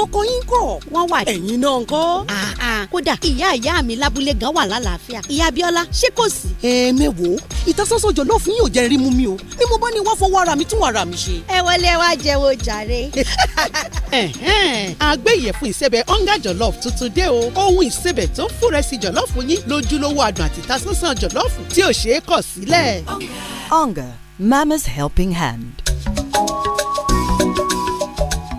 àwọn ọkọ yín kọ̀ wọ́n wà ẹ̀yin náà ńkọ́. Ah, ah. kódà ìyá ìyá mi lábúlé gan wà lálàáfíà ìyá Abíọ́lá ṣé kò sí. ẹ mẹ́wòó ìtasọ́sọ́ jọ̀lọ́ọ̀fù yóò jẹ́ rímú mi o ni mo bá ní wá fọwọ́ ara mi tún ara mi ṣe. ẹ wọlé wá jẹ́wọ́ jàre. àgbẹ̀ ìyẹ̀fun ìsẹ̀bẹ̀ ọ̀ngá jọ̀lọ́ọ̀fù tuntun dé o ohun ìsẹ̀bẹ̀ tó ń fúnrẹ́sì jọ̀lọ́ọ̀fù yín lójúlówó adùn àti ìtasọ́sọ́ jọ̀lọ́ọ̀fù tí ò ṣeé kọ̀ sílẹ̀. ọ̀ngá Mama's Helping Hand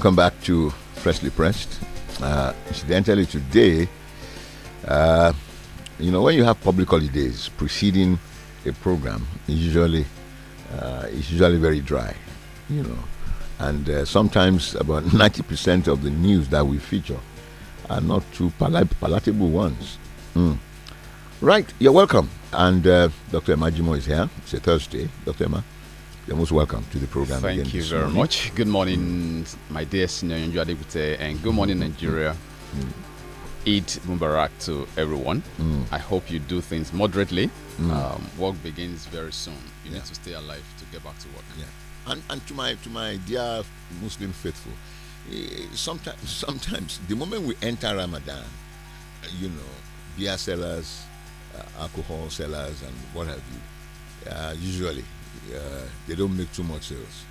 welcome back to Freshly Pressed. Uh, incidentally, today, uh, you know, when you have public holidays preceding a program, usually uh, it's usually very dry, you know, and uh, sometimes about 90% of the news that we feature are not too pal- palatable ones. Mm. Right, you're welcome. And uh, Dr. Emma Jimo is here. It's a Thursday. Dr. Emma. You're most welcome to the program. Thank again you very morning. much. Good mm. morning, mm. my dear senior Njuadegute, and good morning, mm. Nigeria. Mm. Eid Mubarak to everyone. Mm. I hope you do things moderately. Mm. Um, work begins very soon. You yeah. need to stay alive to get back to work. Yeah. And, and to my to my dear Muslim faithful, eh, sometimes sometimes the moment we enter Ramadan, you know, beer sellers, uh, alcohol sellers, and what have you, uh, usually uh, they don't make too much sales.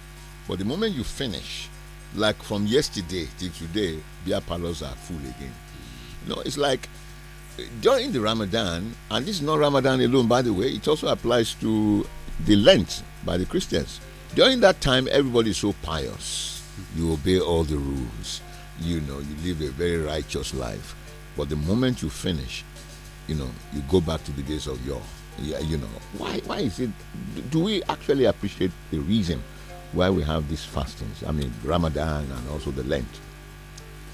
But the moment you finish, like from yesterday till today, beer parlors are full again. You know, it's like during the Ramadan, and this is not Ramadan alone, by the way, it also applies to the Lent by the Christians. During that time, everybody is so pious. You obey all the rules. You know, you live a very righteous life. But the moment you finish, you know, you go back to the days of yore yeah, you know, why, why is it? Do we actually appreciate the reason why we have these fastings? I mean, Ramadan and also the Lent.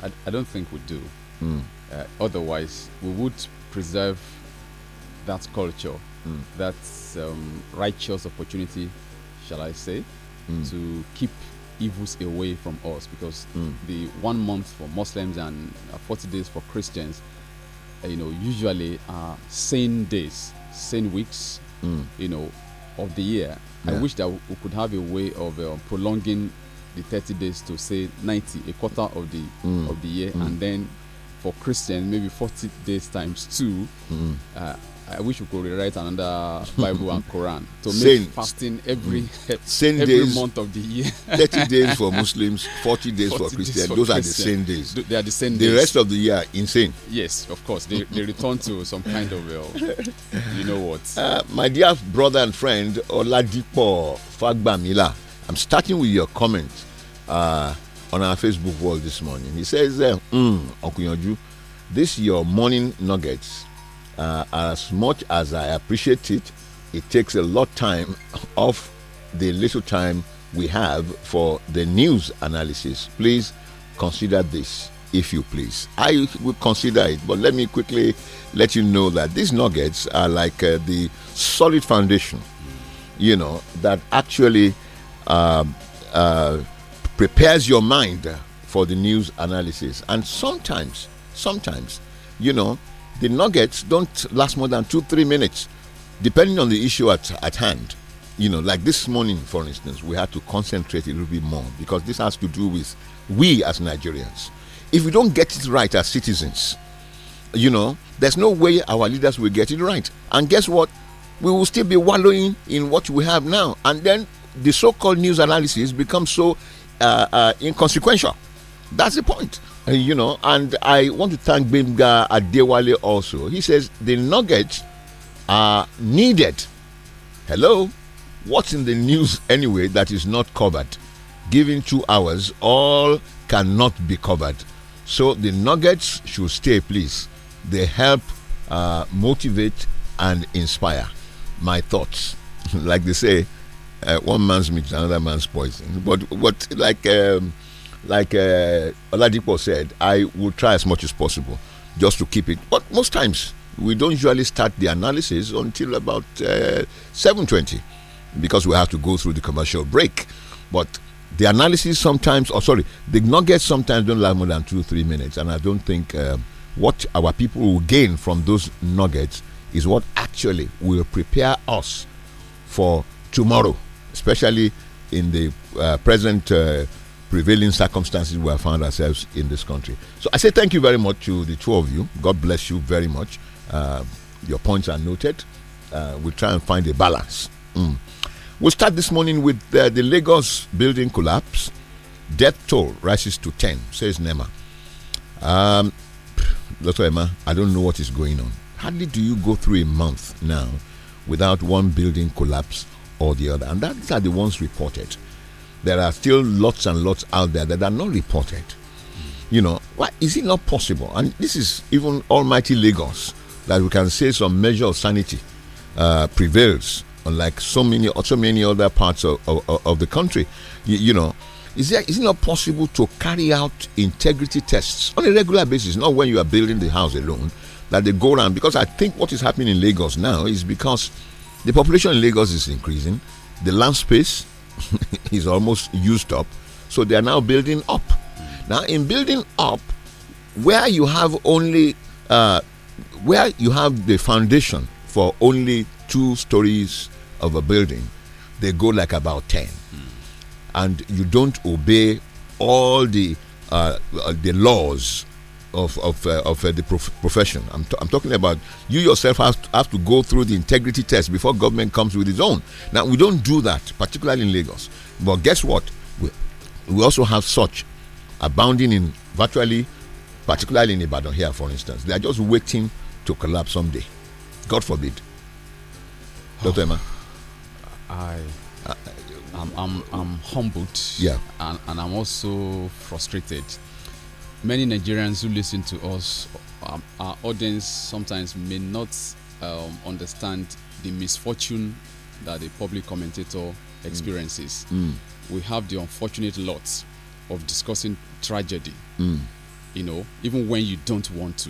I, I don't think we do. Mm. Uh, otherwise, we would preserve that culture, mm. that um, righteous opportunity, shall I say, mm. to keep evils away from us because mm. the one month for Muslims and uh, 40 days for Christians, uh, you know, usually are sane days same weeks, mm. you know, of the year. Yeah. I wish that we could have a way of uh, prolonging the 30 days to say 90, a quarter of the mm. of the year, mm. and then for Christians maybe 40 days times two. Mm. Uh, I wish we could rewrite another Bible and Quran to make Saint, fasting every mm. same every days, month of the year. Thirty days for Muslims, forty days 40 for Christians. Those Christian. are the same days. Do, they are the same. The days. rest of the year insane. Yes, of course. They, they return to some kind of uh, you know what. Uh, my dear brother and friend Oladipo Fagbamila, I'm starting with your comment uh, on our Facebook wall this morning. He says, uh, mm, "Okunyanju, this your morning nuggets." uh, as much as I appreciate it, it takes a lot time off the little time we have for the news analysis. Please consider this, if you please. I will consider it, but let me quickly let you know that these nuggets are like uh, the solid foundation, you know, that actually uh, uh, prepares your mind for the news analysis. And sometimes, sometimes, you know, the nuggets don't last more than two, three minutes, depending on the issue at, at hand. You know, like this morning, for instance, we had to concentrate a little bit more because this has to do with we as Nigerians. If we don't get it right as citizens, you know, there's no way our leaders will get it right. And guess what? We will still be wallowing in what we have now. And then the so called news analysis becomes so uh, uh, inconsequential. That's the point. Uh, you know, and I want to thank Bimga Adewale also. He says the nuggets are needed. Hello? What's in the news anyway that is not covered? Given two hours, all cannot be covered. So the nuggets should stay, please. They help uh, motivate and inspire my thoughts. like they say, uh, one man's meat is another man's poison. But, what like, um, like uh, Oladipo said, I will try as much as possible just to keep it. But most times, we don't usually start the analysis until about uh, 7.20 because we have to go through the commercial break. But the analysis sometimes, or oh, sorry, the nuggets sometimes don't last more than two, three minutes. And I don't think uh, what our people will gain from those nuggets is what actually will prepare us for tomorrow, especially in the uh, present uh, prevailing circumstances we have found ourselves in this country. So I say thank you very much to the two of you. God bless you very much. Uh, your points are noted. Uh, we'll try and find a balance. Mm. We'll start this morning with uh, the Lagos building collapse. Death toll rises to 10, says Nema. Um, Dr. Emma, I don't know what is going on. Hardly do you go through a month now without one building collapse or the other. And that, these are the ones reported there are still lots and lots out there that are not reported. You know, why is it not possible? And this is even almighty Lagos that we can say some measure of sanity uh, prevails, unlike so many so many other parts of, of, of the country. You, you, know, is there is it not possible to carry out integrity tests on a regular basis, not when you are building the house alone, that they go around? Because I think what is happening in Lagos now is because the population in Lagos is increasing, the land space is almost used up. So they are now building up. Now, in building up, where you have only uh, where you have the foundation for only two stories of a building, they go like about ten, mm. and you don't obey all the uh, uh the laws of of, uh, of uh, the prof profession. I'm, t- I'm talking about you yourself have to, have to go through the integrity test before government comes with its own. Now we don't do that, particularly in Lagos. But guess what? We, we also have such abounding in virtually, particularly in Ibadan here, for instance. They are just waiting to collapse someday. God forbid. Oh, Dr. Emma. I. I'm, I'm, I'm humbled. Yeah. And, and I'm also frustrated many Nigerians who listen to us, um, our audience sometimes may not um, understand the misfortune that the public commentator mm. experiences. Mm. Mm. We have the unfortunate lot of discussing tragedy, mm. you know, even when you don't want to.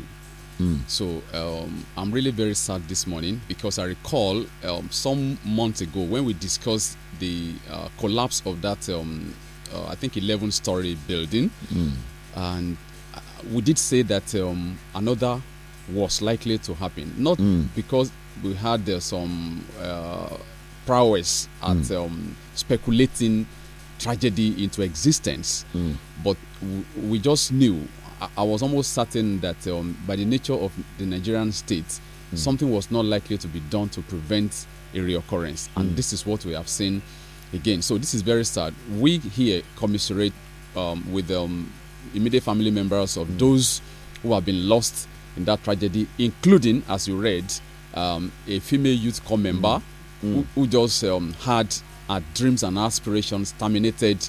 Mm. So um, I'm really very sad this morning because I recall um, some months ago when we discussed the uh, collapse of that, um, uh, I think, 11 story building mm. and we did say that um, another was likely to happen, not mm. because we had uh, some uh, prowess at mm. um, speculating tragedy into existence, mm. but we just knew. I, I was almost certain that um, by the nature of the Nigerian state, hmm. something was not likely to be done to prevent a reoccurrence, and hmm. this is what we have seen again. So this is very sad. We here commiserate um, with um, immediate family members of mm. those who have been lost in that tragedy, including, as you read, um, a female youth corps member mm. who, who, just um, had her dreams and aspirations terminated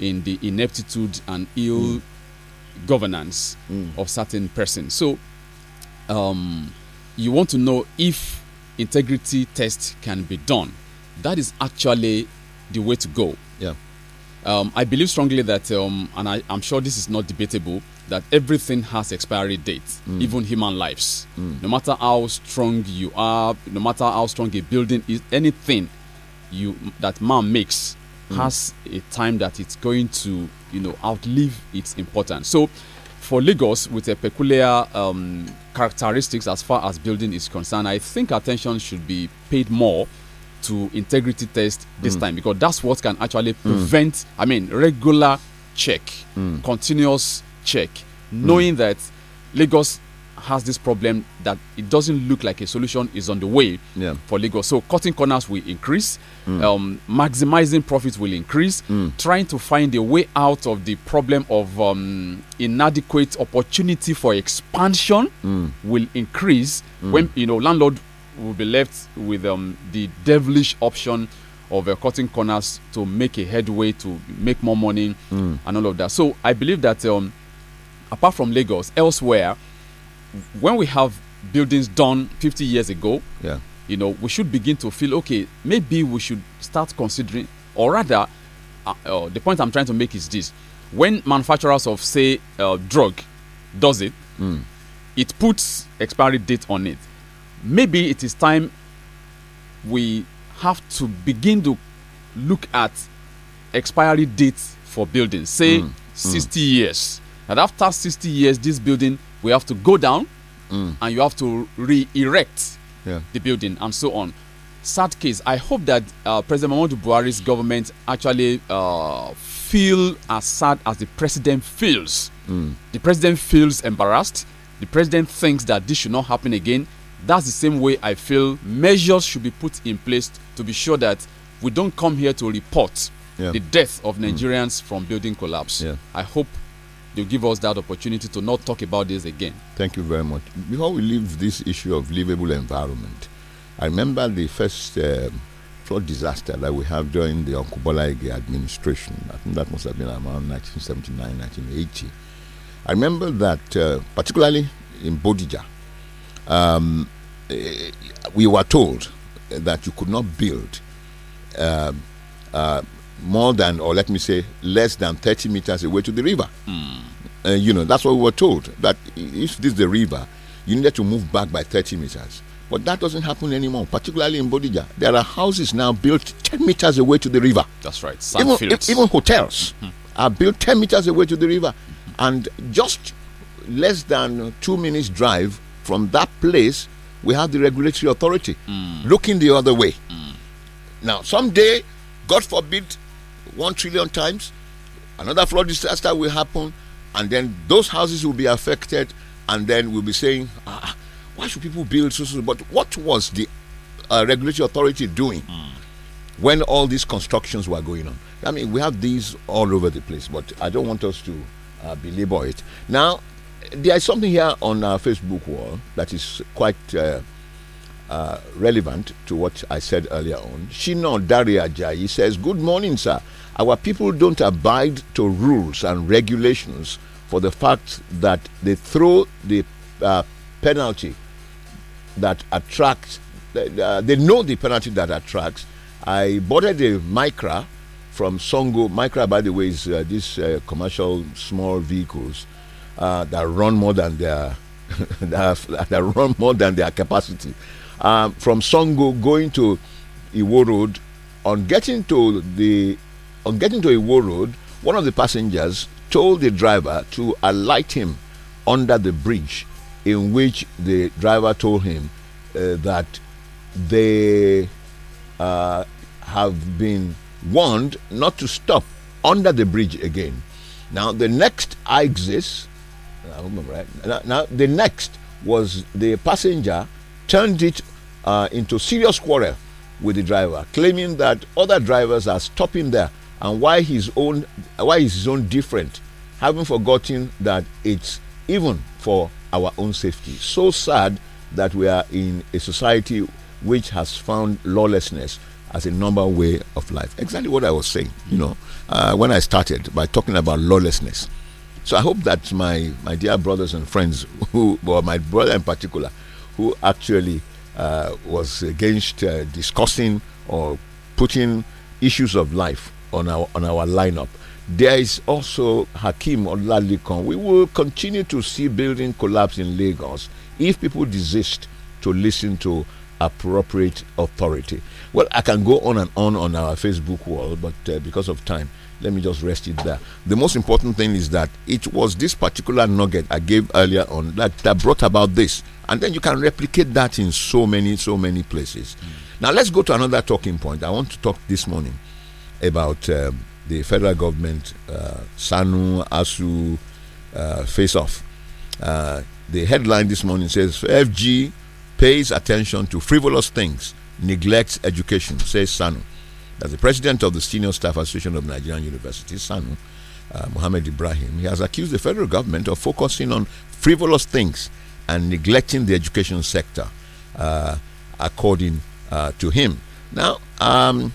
in the ineptitude and ill mm. governance mm. of certain persons. So, um, you want to know if integrity test can be done. That is actually the way to go. Yeah. Um, I believe strongly that, um, and I, am sure this is not debatable, that everything has expiry date, mm. even human lives. Mm. No matter how strong you are, no matter how strong a building is, anything you that man makes mm. has a time that it's going to, you know, outlive its importance. So, for Lagos, with a peculiar um, characteristics as far as building is concerned, I think attention should be paid more to integrity test this mm. time because that's what can actually mm. prevent mm. i mean regular check mm. continuous check mm. knowing that lagos has this problem that it doesn't look like a solution is on the way yeah. for lagos so cutting corners will increase mm. um, maximizing profits will increase trying to find a way out of the problem of um, inadequate opportunity for expansion will increase when you know landlord will be left with um, the devilish option of uh, cutting corners to make a headway to make more money mm. and all of that. So I believe that um, apart from Lagos, elsewhere, when we have buildings done 50 years ago, yeah. you know, we should begin to feel okay. Maybe we should start considering, or rather, uh, uh, the point I'm trying to make is this: when manufacturers of say uh, drug does it, mm. it puts expiry date on it maybe it is time we have to begin to look at expiry dates for buildings, say mm. 60 mm. years. And after 60 years, this building we have to go down mm. and you have to re erect yeah. the building and so on. Sad case. I hope that uh, President Mahmoud Buhari's government actually uh, feel as sad as the president feels. Mm. The president feels embarrassed. The president thinks that this should not happen again that's the same way I feel measures should be put in place to be sure that we don't come here to report yeah. the death of mm. Nigerians mm. from building collapse. Yeah. I hope you give us that opportunity to not talk about this again. Thank you very much. Before we leave this issue of livable environment, I remember the first um, flood disaster that we have during the Onkubola administration. I think that must have been around 1979, 1980. I remember that uh, particularly in Bodija, um, we were told that you could not build um, uh, more than, or let me say, less than 30 meters away to the river. Mm. Uh, you know, that's what we were told that if this is the river, you needed to move back by 30 meters. But that doesn't happen anymore, particularly in Bodija. There are houses now built 10 meters away to the river. That's right. even, even hotels mm -hmm. are built 10 meters away to the river. Mm -hmm. And just less than two minutes drive from that place, we have the regulatory authority mm. looking the other way. Mm. Now, someday, God forbid, one trillion times, another flood disaster will happen, and then those houses will be affected, and then we'll be saying, ah, ah why should people build so, so? But what was the uh, regulatory authority doing mm. when all these constructions were going on? I mean, we have these all over the place, but I don't want us to uh, belabor it. Now, there is something here on our uh, Facebook wall that is quite uh, uh, relevant to what I said earlier on. Shino Daria Jayi says, Good morning, sir. Our people don't abide to rules and regulations for the fact that they throw the uh, penalty that attracts, they uh, know the penalty that attracts. I boarded a Micra from Songo. Micra, by the way, is uh, these commercial small vehicles uh, that run more than their that, that, run more than their capacity. Um, from Songo going to Iwo Road, on getting to the on getting to Iwo Road, one of the passengers told the driver to alight him under the bridge, in which the driver told him uh, that they uh, have been warned not to stop under the bridge again. Now, the next exit I remember right. Now, now the next was the passenger turned it uh, into serious quarrel with the driver, claiming that other drivers are stopping there and why his own why is his own different, having forgotten that it's even for our own safety. So sad that we are in a society which has found lawlessness as a number way of life. Exactly what I was saying, you know, uh, when I started by talking about lawlessness. So I hope that my, my dear brothers and friends, who, well, my brother in particular, who actually uh, was against uh, discussing or putting issues of life on our on our lineup. There is also Hakim Olalikon. We will continue to see building collapse in Lagos if people desist to listen to appropriate authority. Well, I can go on and on on our Facebook wall, but uh, because of time, let me just rest it there. The most important thing is that it was this particular nugget I gave earlier on that, that brought about this. And then you can replicate that in so many, so many places. Mm. Now, let's go to another talking point. I want to talk this morning about um, the federal government, uh, SANU, ASU, uh, face off. Uh, the headline this morning says FG pays attention to frivolous things, neglects education, says SANU that the president of the Senior Staff Association of Nigerian Universities, SANU, uh, Mohammed Ibrahim, he has accused the federal government of focusing on frivolous things and neglecting the education sector, uh, according uh, to him. Now, um,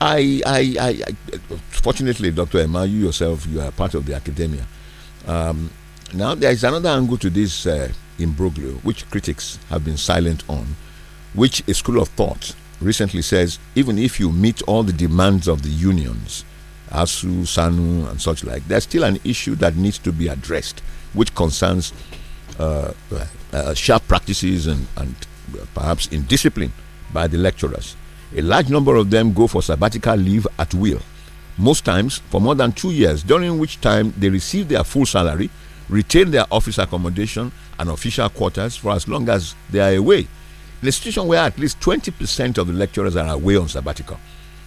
I, I, I, I, fortunately, Dr. Emma, you yourself, you are part of the academia. Um, now, there is another angle to this uh, imbroglio, which critics have been silent on, which a school of thought recently says even if you meet all the demands of the unions, ASU, SANU, and such like, there's still an issue that needs to be addressed, which concerns uh, uh, uh sharp practices and, and uh, perhaps indiscipline by the lecturers. A large number of them go for sabbatical leave at will, most times for more than two years, during which time they receive their full salary, retain their office accommodation and official quarters for as long as they are away in a situation where at least 20% of the lecturers are away on sabbatical,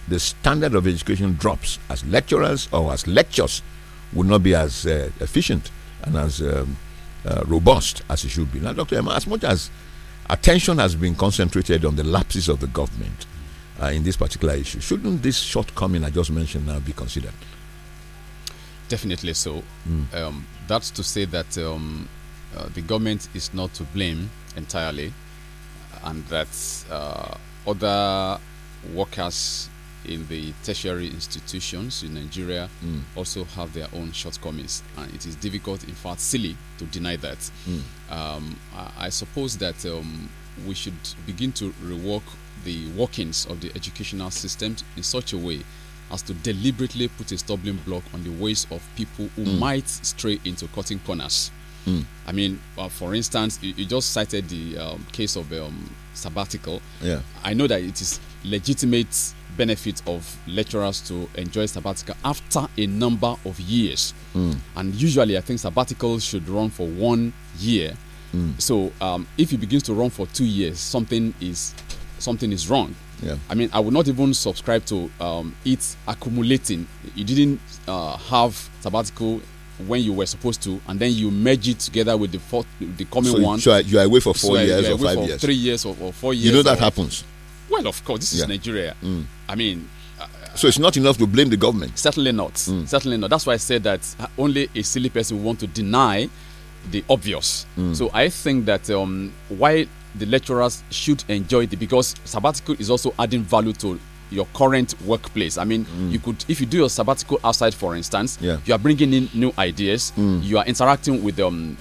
the standard of education drops as lecturers or as lectures would not be as uh, efficient and as um, uh, robust as it should be. Now, Dr. Emma, as much as attention has been concentrated on the lapses of the government uh, in this particular issue, shouldn't this shortcoming I just mentioned now be considered? Definitely so. Mm. Um, that's to say that um, uh, the government is not to blame entirely and that uh, other workers in the tertiary institutions in Nigeria mm. also have their own shortcomings, and it is difficult, in fact, silly to deny that. Mm. Um, I, I, suppose that um, we should begin to rework the workings of the educational system in such a way as to deliberately put a stumbling block on the ways of people who mm. might stray into cutting corners. Mm. I mean, uh, for instance, you, you, just cited the um, case of um, sabbatical. Yeah. I know that it is legitimate benefit of lecturers to enjoy sabbatical after a number of years. Mm. And usually, I think sabbatical should run for one year. Mm. So, um, if it begins to run for two years, something is something is wrong. Yeah. I mean, I would not even subscribe to um, it accumulating. You didn't uh, have sabbatical when you were supposed to, and then you merge it together with the fourth, the coming so one. So you are away for four so years or five years, three years or, or, four years. You know that or, happens. Well, of course, this is yeah. Nigeria. Mm. I mean, so it's not enough to blame the government. Certainly not. Mm. Certainly not. That's why I said that only a silly person would want to deny the obvious. Mm. So I think that um, why the lecturers should enjoy it because sabbatical is also adding value to your current workplace. I mean, mm. you could if you do your sabbatical outside, for instance, yeah. you are bringing in new ideas. Mm. You are interacting with um,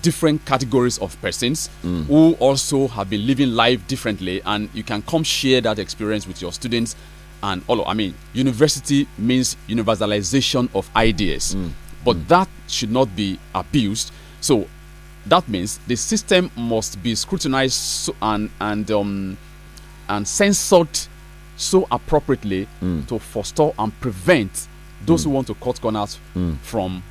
different categories of persons mm. who also have been living life differently, and you can come share that experience with your students. And all, I mean, university means universalization of ideas, mm. but mm. that should not be abused. So that means the system must be scrutinized and and um, and censored so appropriately mm. to forestall and prevent those mm. who want to cut corners mm. from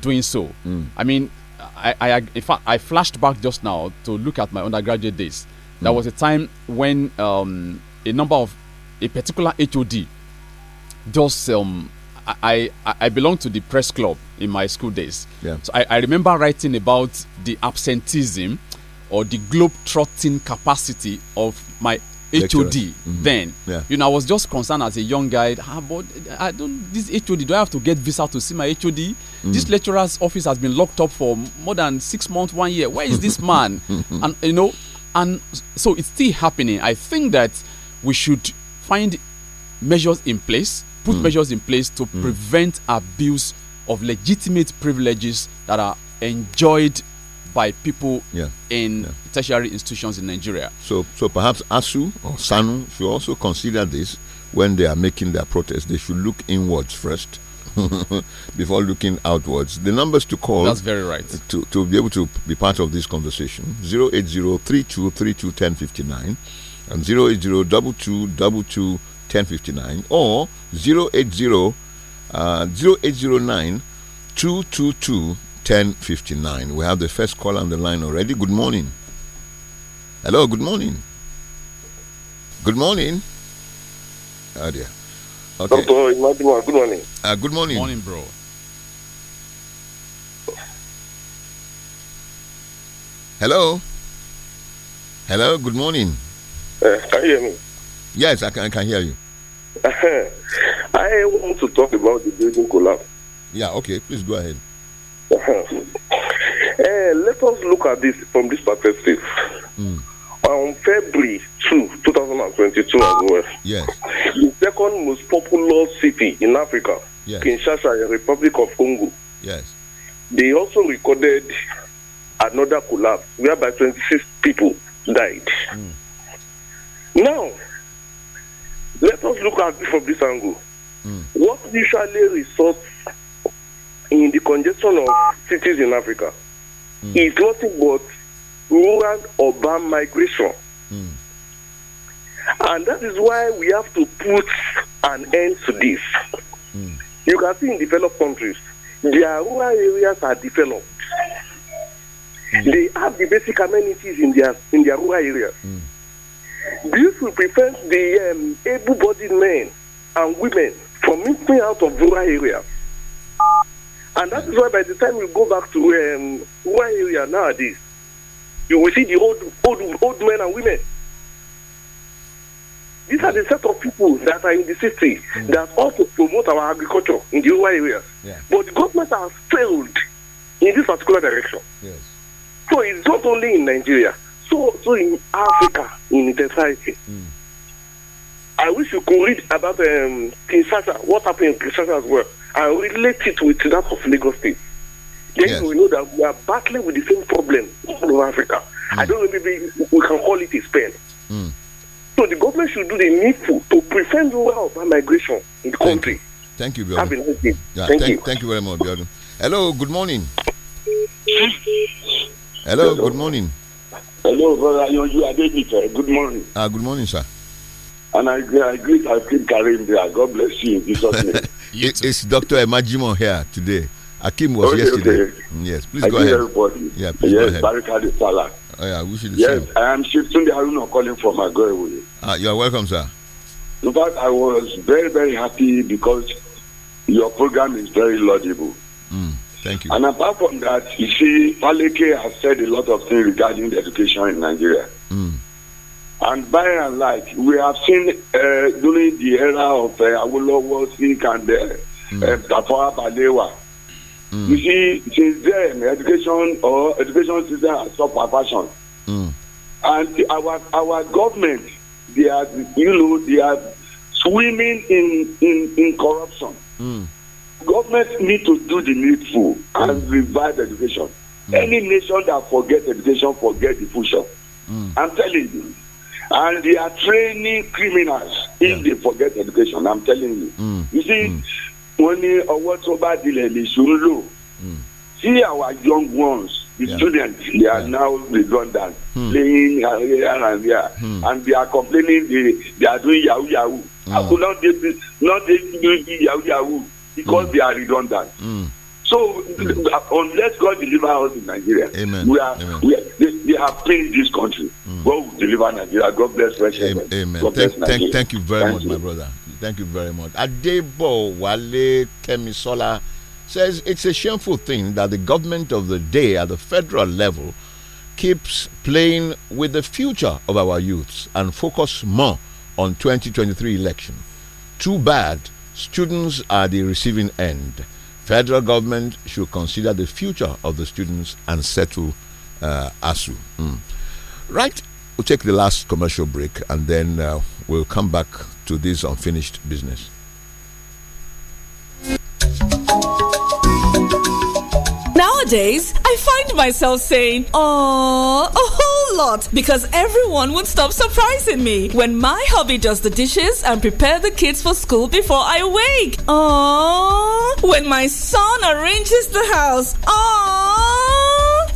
doing so. Mm. I mean, I, I, in fact, I flashed back just now to look at my undergraduate days. There mm. was a time when um, a number of a particular HOD just um, I, I, I belonged to the press club in my school days. Yeah. So I, I remember writing about the absenteeism or the globe-trotting capacity of my HOD mm-hmm. then. Yeah. You know, I was just concerned as a young guy. Ah, but I don't. This HOD, do I have to get visa to see my HOD? Mm. This lecturer's office has been locked up for more than six months, one year. Where is this man? and you know, and so it's still happening. I think that we should find measures in place, put mm. measures in place to mm. prevent abuse of legitimate privileges that are enjoyed by people yeah. in yeah. tertiary institutions in Nigeria. So, so perhaps ASU or SANU should also consider this when they are making their protest. They should look inwards first. before looking outwards. The numbers to call. That's very right. To, to be able to be part of this conversation 80 1059 and 80 or 080 uh, 0809 222 10:59. We have the first call on the line already. Good morning. Hello, good morning. Good morning. Oh ah, dear. Okay. Doctor, good morning. Uh, good morning. Morning, bro. Hello. Hello, good morning. Uh, can you hear me? Yes, I can, I can hear you. I want to talk about the building collapse. Yeah, okay, please go ahead uh, let us look at this from this perspective. Mm. On February 2, 2022, as well, yes. the second most populous city in Africa, yes. Kinshasa, Republic of Congo, yes. they also recorded another collapse whereby 26 people died. Mm. Now, let us look at it from this angle. Mm. What usually results in the congestion of cities in Africa mm. is nothing but rural urban migration. Mm. And that is why we have to put an end to this. Mm. You can see in developed countries, their rural areas are developed. Hmm. They have the basic amenities in their in their rural areas. Hmm. This will prevent the um, able-bodied men and women from moving out of rural areas and that is why by the time we go back to um, rural area nowadays, you will see the old, old, old men and women. These are the set of people that are in the city mm. that also promote our agriculture in the rural areas. Yeah. But the government has failed in this particular direction. Yes. So it's not only in Nigeria, so so in Africa in the society, Mm. I wish you could read about um, Kinshasa, what happened in Kinshasa as well and relate it with that of Lagos State. Then yes. we know that we are battling with the same problem all over Africa. Mm. I hmm. don't know, maybe we can call it a spell. Mm. So the government should do the needful to prevent rural migration in the thank country. You. Thank you, Biodun. Nice yeah, thank, thank, you. Thank you very much, Biodun. Hello, good morning. Hello, Hello, good morning. Hello, brother. You are David. Good morning. Ah, good morning, sir. And I, I greet, I greet Karim there. God bless you in Jesus' name. it, it's Dr. Emajimo here today. Akim was okay, yesterday. Okay. Yes, please I go ahead. Everybody. Yeah, please yes, go ahead. Barricade Salah. Oh, yeah, we should Yes, same. I am Shifting Haruna calling from Agorewe. Ah, you are welcome, sir. In fact, I was very, very happy because your program is very laudable. Mm, thank you. And apart from that, you see, Paleke has said a lot of things regarding the education in Nigeria. Mm. And by and large, we have seen uh, during the era of uh, Awolowo, Sink, and uh, hmm. uh, Balewa. Mm. You see, since then, education or education system has suffered fashion. Mm. And our our government, they are you know they are swimming in in in corruption. Mm. Government need to do the needful and hmm. revive education. Hmm. Any nation that forget education forget the future. I'm telling you and they are training criminals yeah. if they forget education i'm telling you mm. you see mm. wọ́n ní ọwọ́ tó bá dilẹ̀ lè ṣòro lò see our young ones the yeah. students they are yeah. now redundant mm. playing here and there mm. and they are complaining they they are doing yahoo yahoo mm. how could not they be not they be yahoo yahoo because hmm. they are redundant. Hmm. So, hmm. unless God deliver us in Nigeria, Amen. we are, Amen. we are they have paid this country. Mm. God deliver Nigeria. God bless Russia. Amen. God thank, thank, thank you very thank much, you. my brother. Thank you very much. Adebo Wale Kemisola says it's a shameful thing that the government of the day at the federal level keeps playing with the future of our youths and focus more on 2023 election. Too bad students are the receiving end. Federal government should consider the future of the students and settle uh, ASU. Mm. Right, we'll take the last commercial break and then uh, we'll come back to this unfinished business. Nowadays, I find myself saying, "Oh, a whole lot," because everyone would stop surprising me when my hubby does the dishes and prepare the kids for school before I wake. Oh, when my son arranges the house. Oh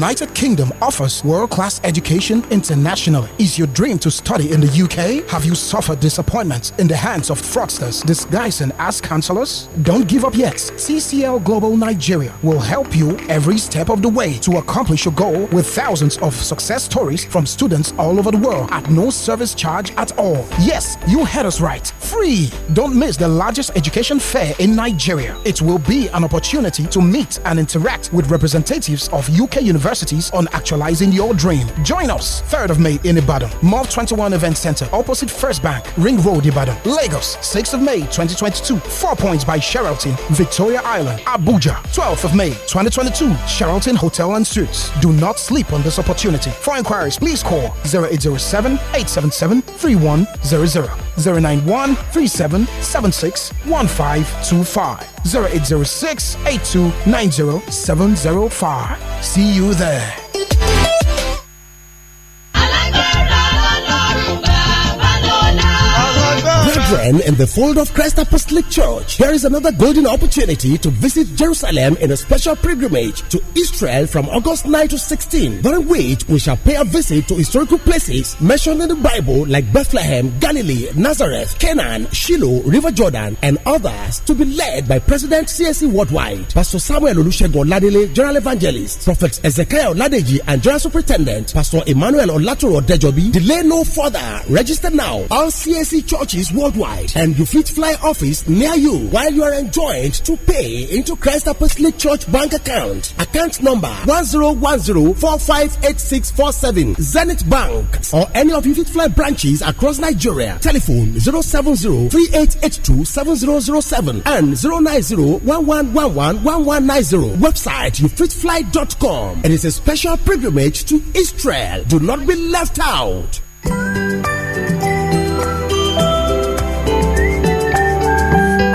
United Kingdom offers world-class education internationally. Is your dream to study in the UK? Have you suffered disappointments in the hands of fraudsters disguising as counselors? Don't give up yet. CCL Global Nigeria will help you every step of the way to accomplish your goal with thousands of success stories from students all over the world at no service charge at all. Yes, you heard us right. Free! Don't miss the largest education fair in Nigeria. It will be an opportunity to meet and interact with representatives of UK universities universities on actualizing your dream. Join us 3rd of May in Ibadan, Mob 21 Event Center, opposite First Bank, Ring Road, Ibadan, Lagos, 6th of May 2022, 4 points by Sheraton, Victoria Island, Abuja, 12th of May 2022, Sheraton Hotel and Suites. Do not sleep on this opportunity. For inquiries, please call 0807 877 3100. 091 3776 1525 0806 8290 705. See you there. children in the fold of Christ Apostolic Church, there is another golden opportunity to visit Jerusalem in a special pilgrimage to Israel from August 9 to 16, during which we shall pay a visit to historical places mentioned in the Bible like Bethlehem, Galilee, Nazareth, Canaan, Shiloh, River Jordan, and others to be led by President CSE Worldwide, Pastor Samuel Olusegun Oladele, General Evangelist, Prophet Ezekiel Oladeji, and General Superintendent, Pastor Emmanuel Olatoro Dejobi. Delay no further. Register now. All CSE churches worldwide worldwide and you fit fly office near you while you are enjoined to pay into Christ Apostolic Church bank account. Account number 1010458647 Zenith Bank or any of you fit fly branches across Nigeria. Telephone 07038827007 and 09011111190. Website youfitfly.com. It is a special pilgrimage to Israel. Do not be left out.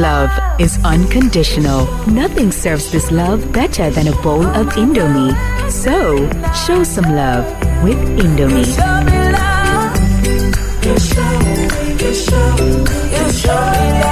love is unconditional. Nothing serves this love better than a bowl of Indomie. So, show some love with Indomie. Show me love. show,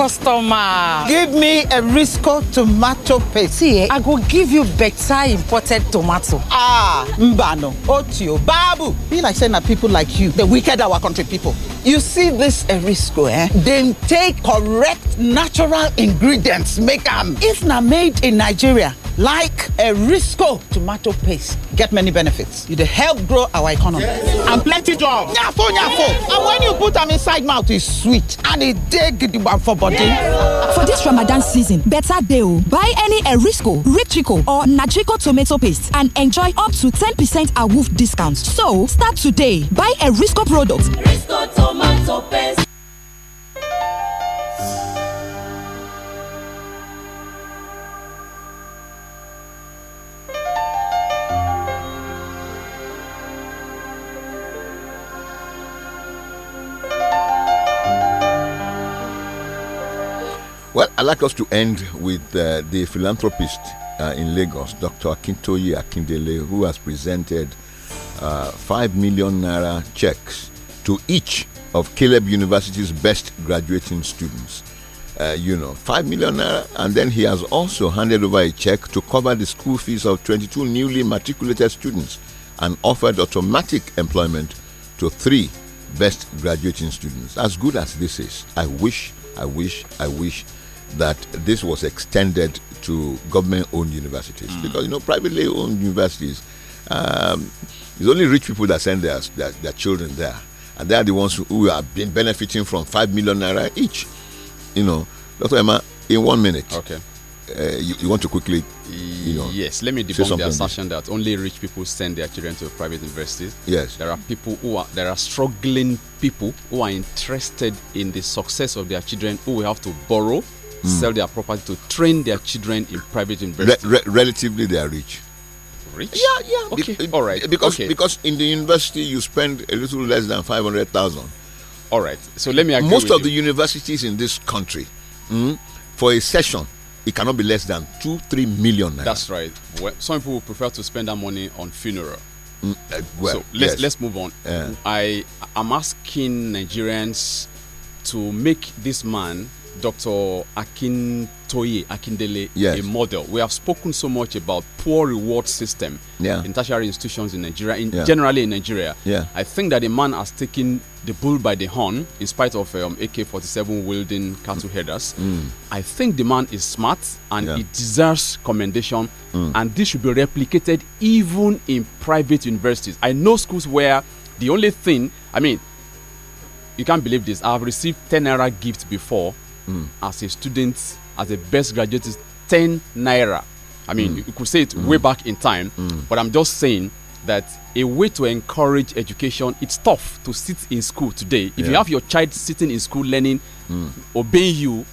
customer. Give me a Risco tomato paste. See, eh, I go give you better imported tomato. Ah, Mbano, Otio, Babu. Be like saying that people like you, the wicked our country people. You see this Risco, eh? They take correct natural ingredients, make them. If not made in Nigeria, like a Risco tomato paste, get many benefits. You dey help grow our economy. And plenty jobs. Nyafo, nyafo. And when you put them inside mouth, it's e sweet. And it dig the for body. For this Ramadan season, better deal. Oh. Buy any Erisco, Riptrico, or Natrico tomato paste and enjoy up to ten percent awoof discount. So, start today. Buy Erisco products. Risco tomato paste. I'd like us to end with uh, the philanthropist uh, in Lagos, Dr. Akintoye Akindele, who has presented uh, 5 million naira checks to each of Caleb University's best graduating students. Uh, you know, 5 million naira, and then he has also handed over a check to cover the school fees of 22 newly matriculated students and offered automatic employment to three best graduating students. As good as this is, I wish, I wish, I wish that this was extended to government-owned universities mm. because you know privately owned universities, um, it's only rich people that send their, their, their children there, and they are the ones who are benefiting from five million naira each. You know, Doctor Emma, in one minute. Okay. Uh, you, you, want to quickly, you know, yes. Let me debunk the assertion that only rich people send their children to private universities. Yes, there are people who are there are struggling people who are interested in the success of their children who will have to borrow mm. sell their property to train their children in private university. Re re relatively, they are rich. Rich? Yeah, yeah. Okay. Be All right. Because okay. because in the university you spend a little less than five hundred thousand. All right. So let me. Most of you. the universities in this country, mm, for a session, it cannot be less than two, three million. Naira. That's right. Well, some people prefer to spend that money on funeral. Mm, uh, well, so let's yes. let's move on. Yeah. I am asking Nigerians to make this man Dr. Akin Toyé, Akindele yes. a model. We have spoken so much about poor reward system yeah. in tertiary institutions in Nigeria, in yeah. generally in Nigeria. Yeah. I think that a man has taken the bull by the horn, in spite of um, AK-47 wielding cattle headers. Mm. I think the man is smart and yeah. deserves commendation, mm. and this should be replicated even in private universities. I know schools where the only thing, I mean, you can't believe this. I've received 10 naira gifts before mm. as a student as a best graduate is 10 naira i mean mm. you could say it way mm. back in time mm. but i'm just saying that a way to encourage education it's tough to sit in school today if yeah. you have your child sitting in school learning mm. obeying you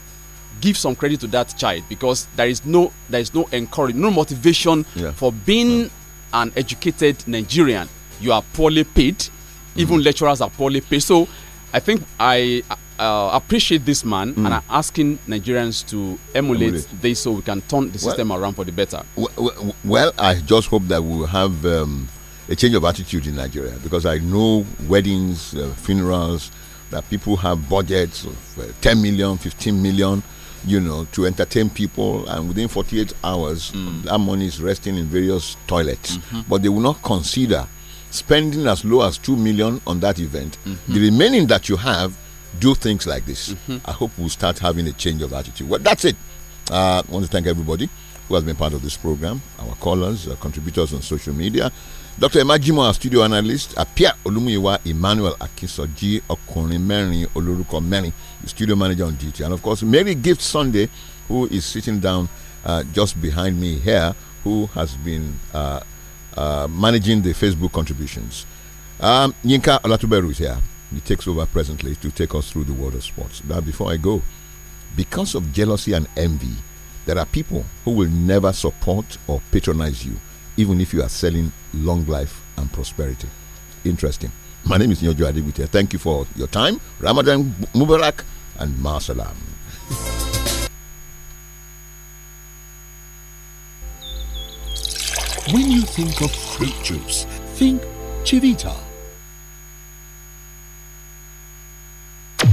give some credit to that child because there is no there is no encouragement no motivation yeah. for being an educated nigerian you are poorly paid even lecturers are poorly paid. So I think I uh, appreciate this man mm. and hmm. are asking Nigerians to emulate, emulate, this so we can turn the well, system around for the better. Well, well, I just hope that we will have um, a change of attitude in Nigeria because I know weddings, uh, funerals, that people have budgets of uh, 10 million, 15 million, you know, to entertain people, and within 48 hours, mm. that money is resting in various toilets. Mm -hmm. But they will not consider spending as low as 2 million on that event. -hmm. The remaining that you have do things like this. Mm -hmm. I hope we'll start having a change of attitude. Well, that's it. Uh, I want to thank everybody who has been part of this program, our callers, our contributors on social media. Dr. Emajimo, our studio analyst, Apia Olumuyiwa Emmanuel Akisoji Okunrin Oloruko Mary, the studio manager on duty. And of course, Mary Gift Sunday, who is sitting down uh, just behind me here, who has been uh, uh managing the Facebook contributions. Um, Yinka Olatuberu is here. He takes over presently to take us through the world of sports. Now, before I go, because of jealousy and envy, there are people who will never support or patronize you, even if you are selling long life and prosperity. Interesting. My name is Nyojo Adibute. Thank you for your time. Ramadan Mubarak and Masalam. When you think of fruit juice, think Chivita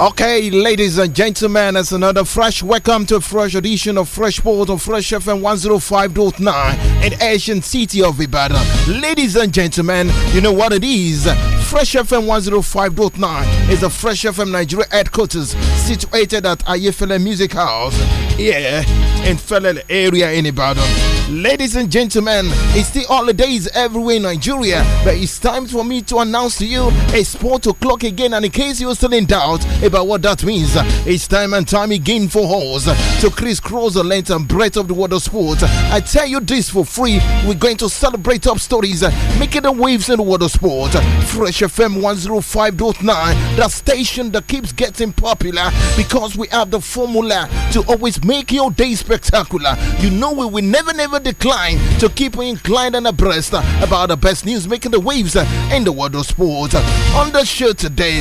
Okay, ladies and gentlemen, it's another fresh welcome to a fresh edition of Fresh Port on Fresh FM 105.9 in Asian City of Ibadan. Ladies and gentlemen, you know what it is. Fresh FM 105.9 is the Fresh FM Nigeria headquarters situated at Ayefele Music House here in Felele area in Ibadan. Ladies and gentlemen, it's the holidays everywhere in Nigeria, but it's time for me to announce to you a sport o'clock again. And in case you're still in doubt about what that means, it's time and time again for us to crisscross the length and breadth of the world of sport. I tell you this for free, we're going to celebrate top stories making the waves in the world of sport. Fresh FM 105.9, the station that keeps getting popular because we have the formula to always make your day spectacular. You know, we will never, never decline to keep you inclined and abreast about the best news making the waves in the world of sports. On the show today,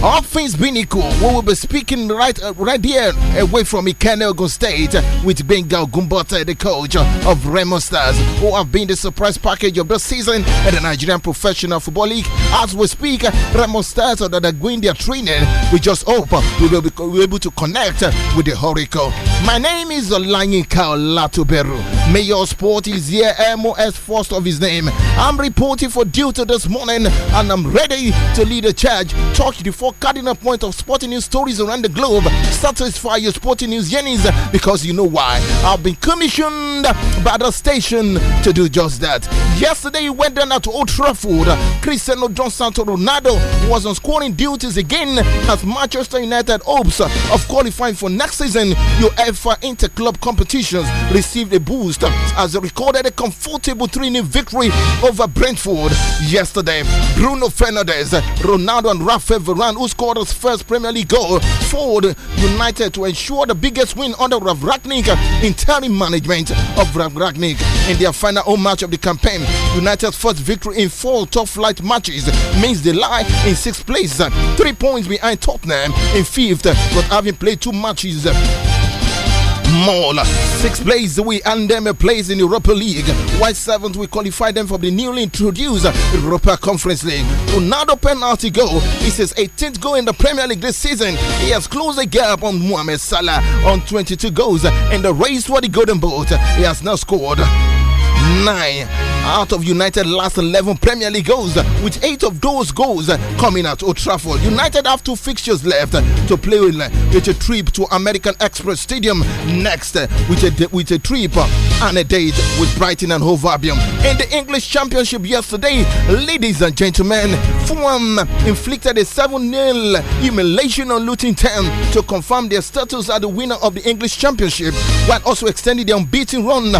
all things being equal, we will be speaking right uh, right here away from Ikane State with Bengal Gumbota, the coach of Remo Stars, who have been the surprise package of the season at the Nigerian Professional Football League. As we speak, Remo Stars are undergoing their training. We just hope we will be able to connect with the Horiko. My name is Olanyika Latuberu. Mayor Sport is here, MOS first of his name. I'm reporting for duty this morning and I'm ready to lead the charge. Talk the four cardinal points of sporting news stories around the globe. Satisfy your sporting news yearnings because you know why. I've been commissioned by the station to do just that. Yesterday, he went down at Old Trafford. Cristiano John Santo Ronaldo was on scoring duties again as Manchester United hopes of qualifying for next season UEFA Club competitions received a boost as they recorded a comfortable 3 0 victory over Brentford yesterday. Bruno Fernandes, Ronaldo, and Rafael Varane who scored his first Premier League goal, Forward United to ensure the biggest win under Rav interim management of Rav In their final home match of the campaign, United's first victory in four top flight matches means they lie in sixth place, three points behind Tottenham in fifth, but having played two matches Mall. Sixth place, we and them a place in Europa League. White seventh, we qualify them for the newly introduced Europa Conference League. Ronaldo penalty goal This is 18th goal in the Premier League this season. He has closed the gap on Mohamed Salah on 22 goals in the race for the Golden Boot. He has now scored nine out of United last 11 Premier League goals, with eight of those goals coming at Old Trafford. United have two fixtures left to play with, with a trip to American Express Stadium next, with a, with a trip and a date with Brighton and Hove Albion. In the English Championship yesterday, ladies and gentlemen, Fulham inflicted a 7 0 humiliation on Luton Town to confirm their status as the winner of the English Championship, while also extending their unbeaten run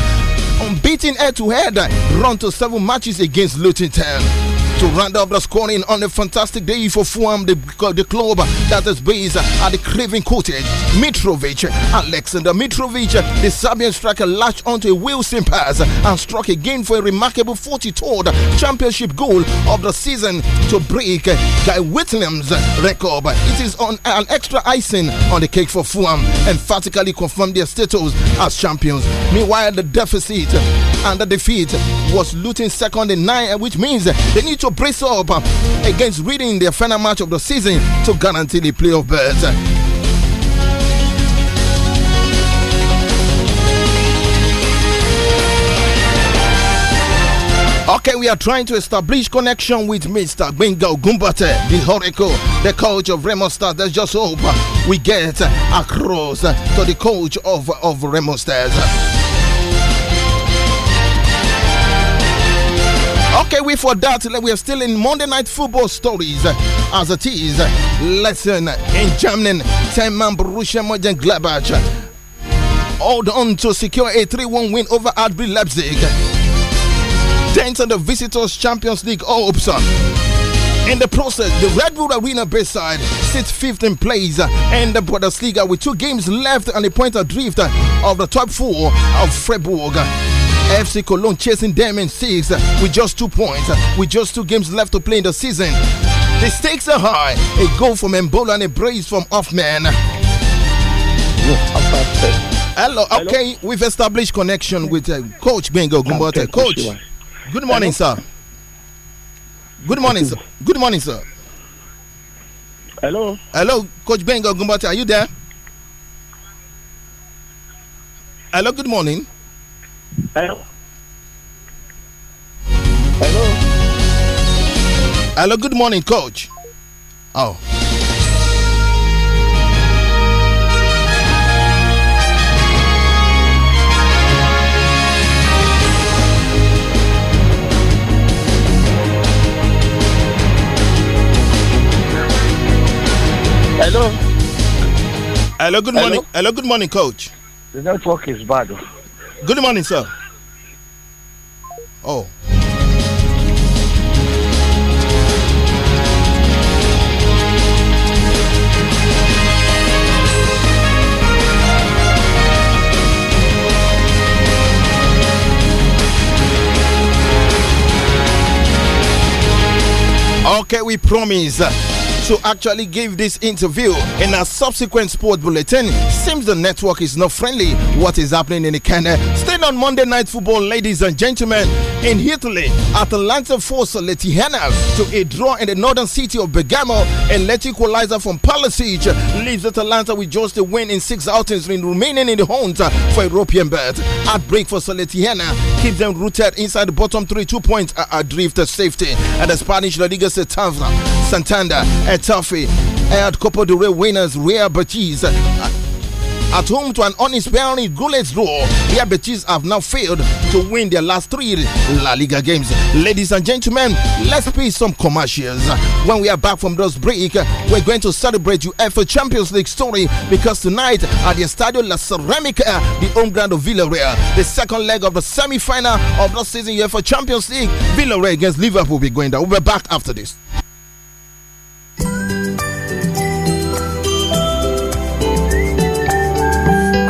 unbeaten head to head, run to seven matches against Luton Town to round the scoring on a fantastic day for Fulham, the, the club that is based at the Craven Cottage. Mitrovic, Alexander Mitrovic, the Serbian striker latched onto a Wilson pass and struck again for a remarkable 43rd championship goal of the season to break Guy Whitlam's record. It is on an extra icing on the cake for Fulham, emphatically confirmed their status as champions. Meanwhile, the deficit and the defeat was looting second in nine, which means they need to to brace up uh, against Reading their final match of the season to guarantee the playoff berth. Okay, we are trying to establish connection with Mr. Bingo Gumbate, the Horiko, the coach of Remo Stars. Let's just hope we get across to the coach of, of Remo Stars. Okay, we for that. We are still in Monday night football stories as it is. Lesson in Germany, 10 man Borussia Mönchengladbach hold on to secure a 3-1 win over RB Leipzig. Dent on the visitors Champions League hopes. In the process, the Red Bull Arena Bayside sits fifth in place in the Bundesliga with two games left and a point adrift of the top four of Freiburg. FC Cologne chasing them in six uh, with just two points, uh, with just two games left to play in the season. The stakes are high. A goal from Mbola and a brace from Offman. Hello. Okay, Hello? we've established connection with uh, Coach Bengo ah, Gumbote. Okay, Coach, good morning, Hello? sir. Good morning, sir. Good morning, sir. Hello. Hello, Coach Bengo Gumbote. Are you there? Hello. Good morning. Hello. Hello. Hello. Good morning, Coach. Oh. Hello. Hello, good morning. Hello, Hello good morning, coach. The network is bad. Good morning, sir. Oh. Okay, we promise to actually give this interview in a subsequent sport bulletin. Seems the network is not friendly. What is happening in the Kenya? on Monday Night Football, ladies and gentlemen. In Italy, Atalanta forced Letihenas to a draw in the northern city of Bergamo and let equalizer from Palisic leaves Atalanta with just a win in six outings remaining in the hunt for European berth. Heartbreak for Saletiana keeps them rooted inside the bottom three, two points adrift of safety. And the Spanish La Liga Santander, Etafe, and Copa del Rey winners Real Betis at home to an uninspiring goalless draw, the Betis have now failed to win their last three La Liga games. Ladies and gentlemen, let's pay some commercials. When we are back from those break, we're going to celebrate UEFA Champions League story because tonight at the Estadio La Ceramica, the home ground of Villarreal, the second leg of the semi-final of the season UEFA Champions League, Villarreal against Liverpool will be going down. We'll be back after this.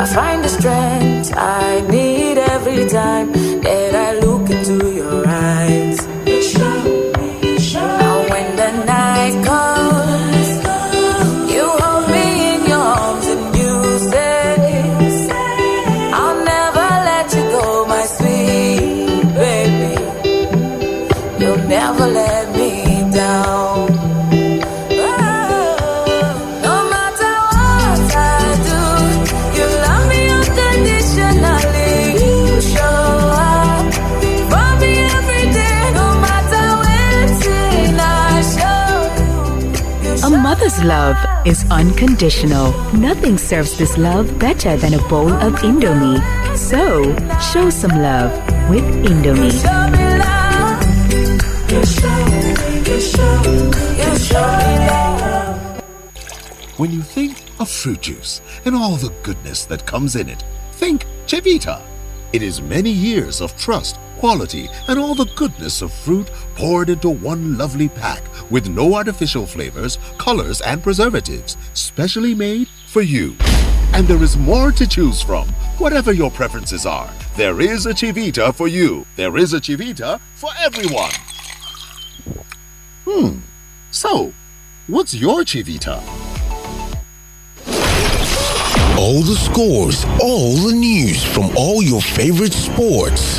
I find the strength I need every time that I look into your eyes. love is unconditional. Nothing serves this love better than a bowl of Indomie. So, show some love with Indomie. When you think of fruit juice and all the goodness that comes in it, think Chevita. It is many years of trust quality and all the goodness of fruit poured into one lovely pack with no artificial flavors, colors, and preservatives, specially made for you. And there is more to choose from. Whatever your preferences are, there is a Chivita for you. There is a Chivita for everyone. Hmm. So, what's your Chivita? All the scores, all the news from all your favorite sports.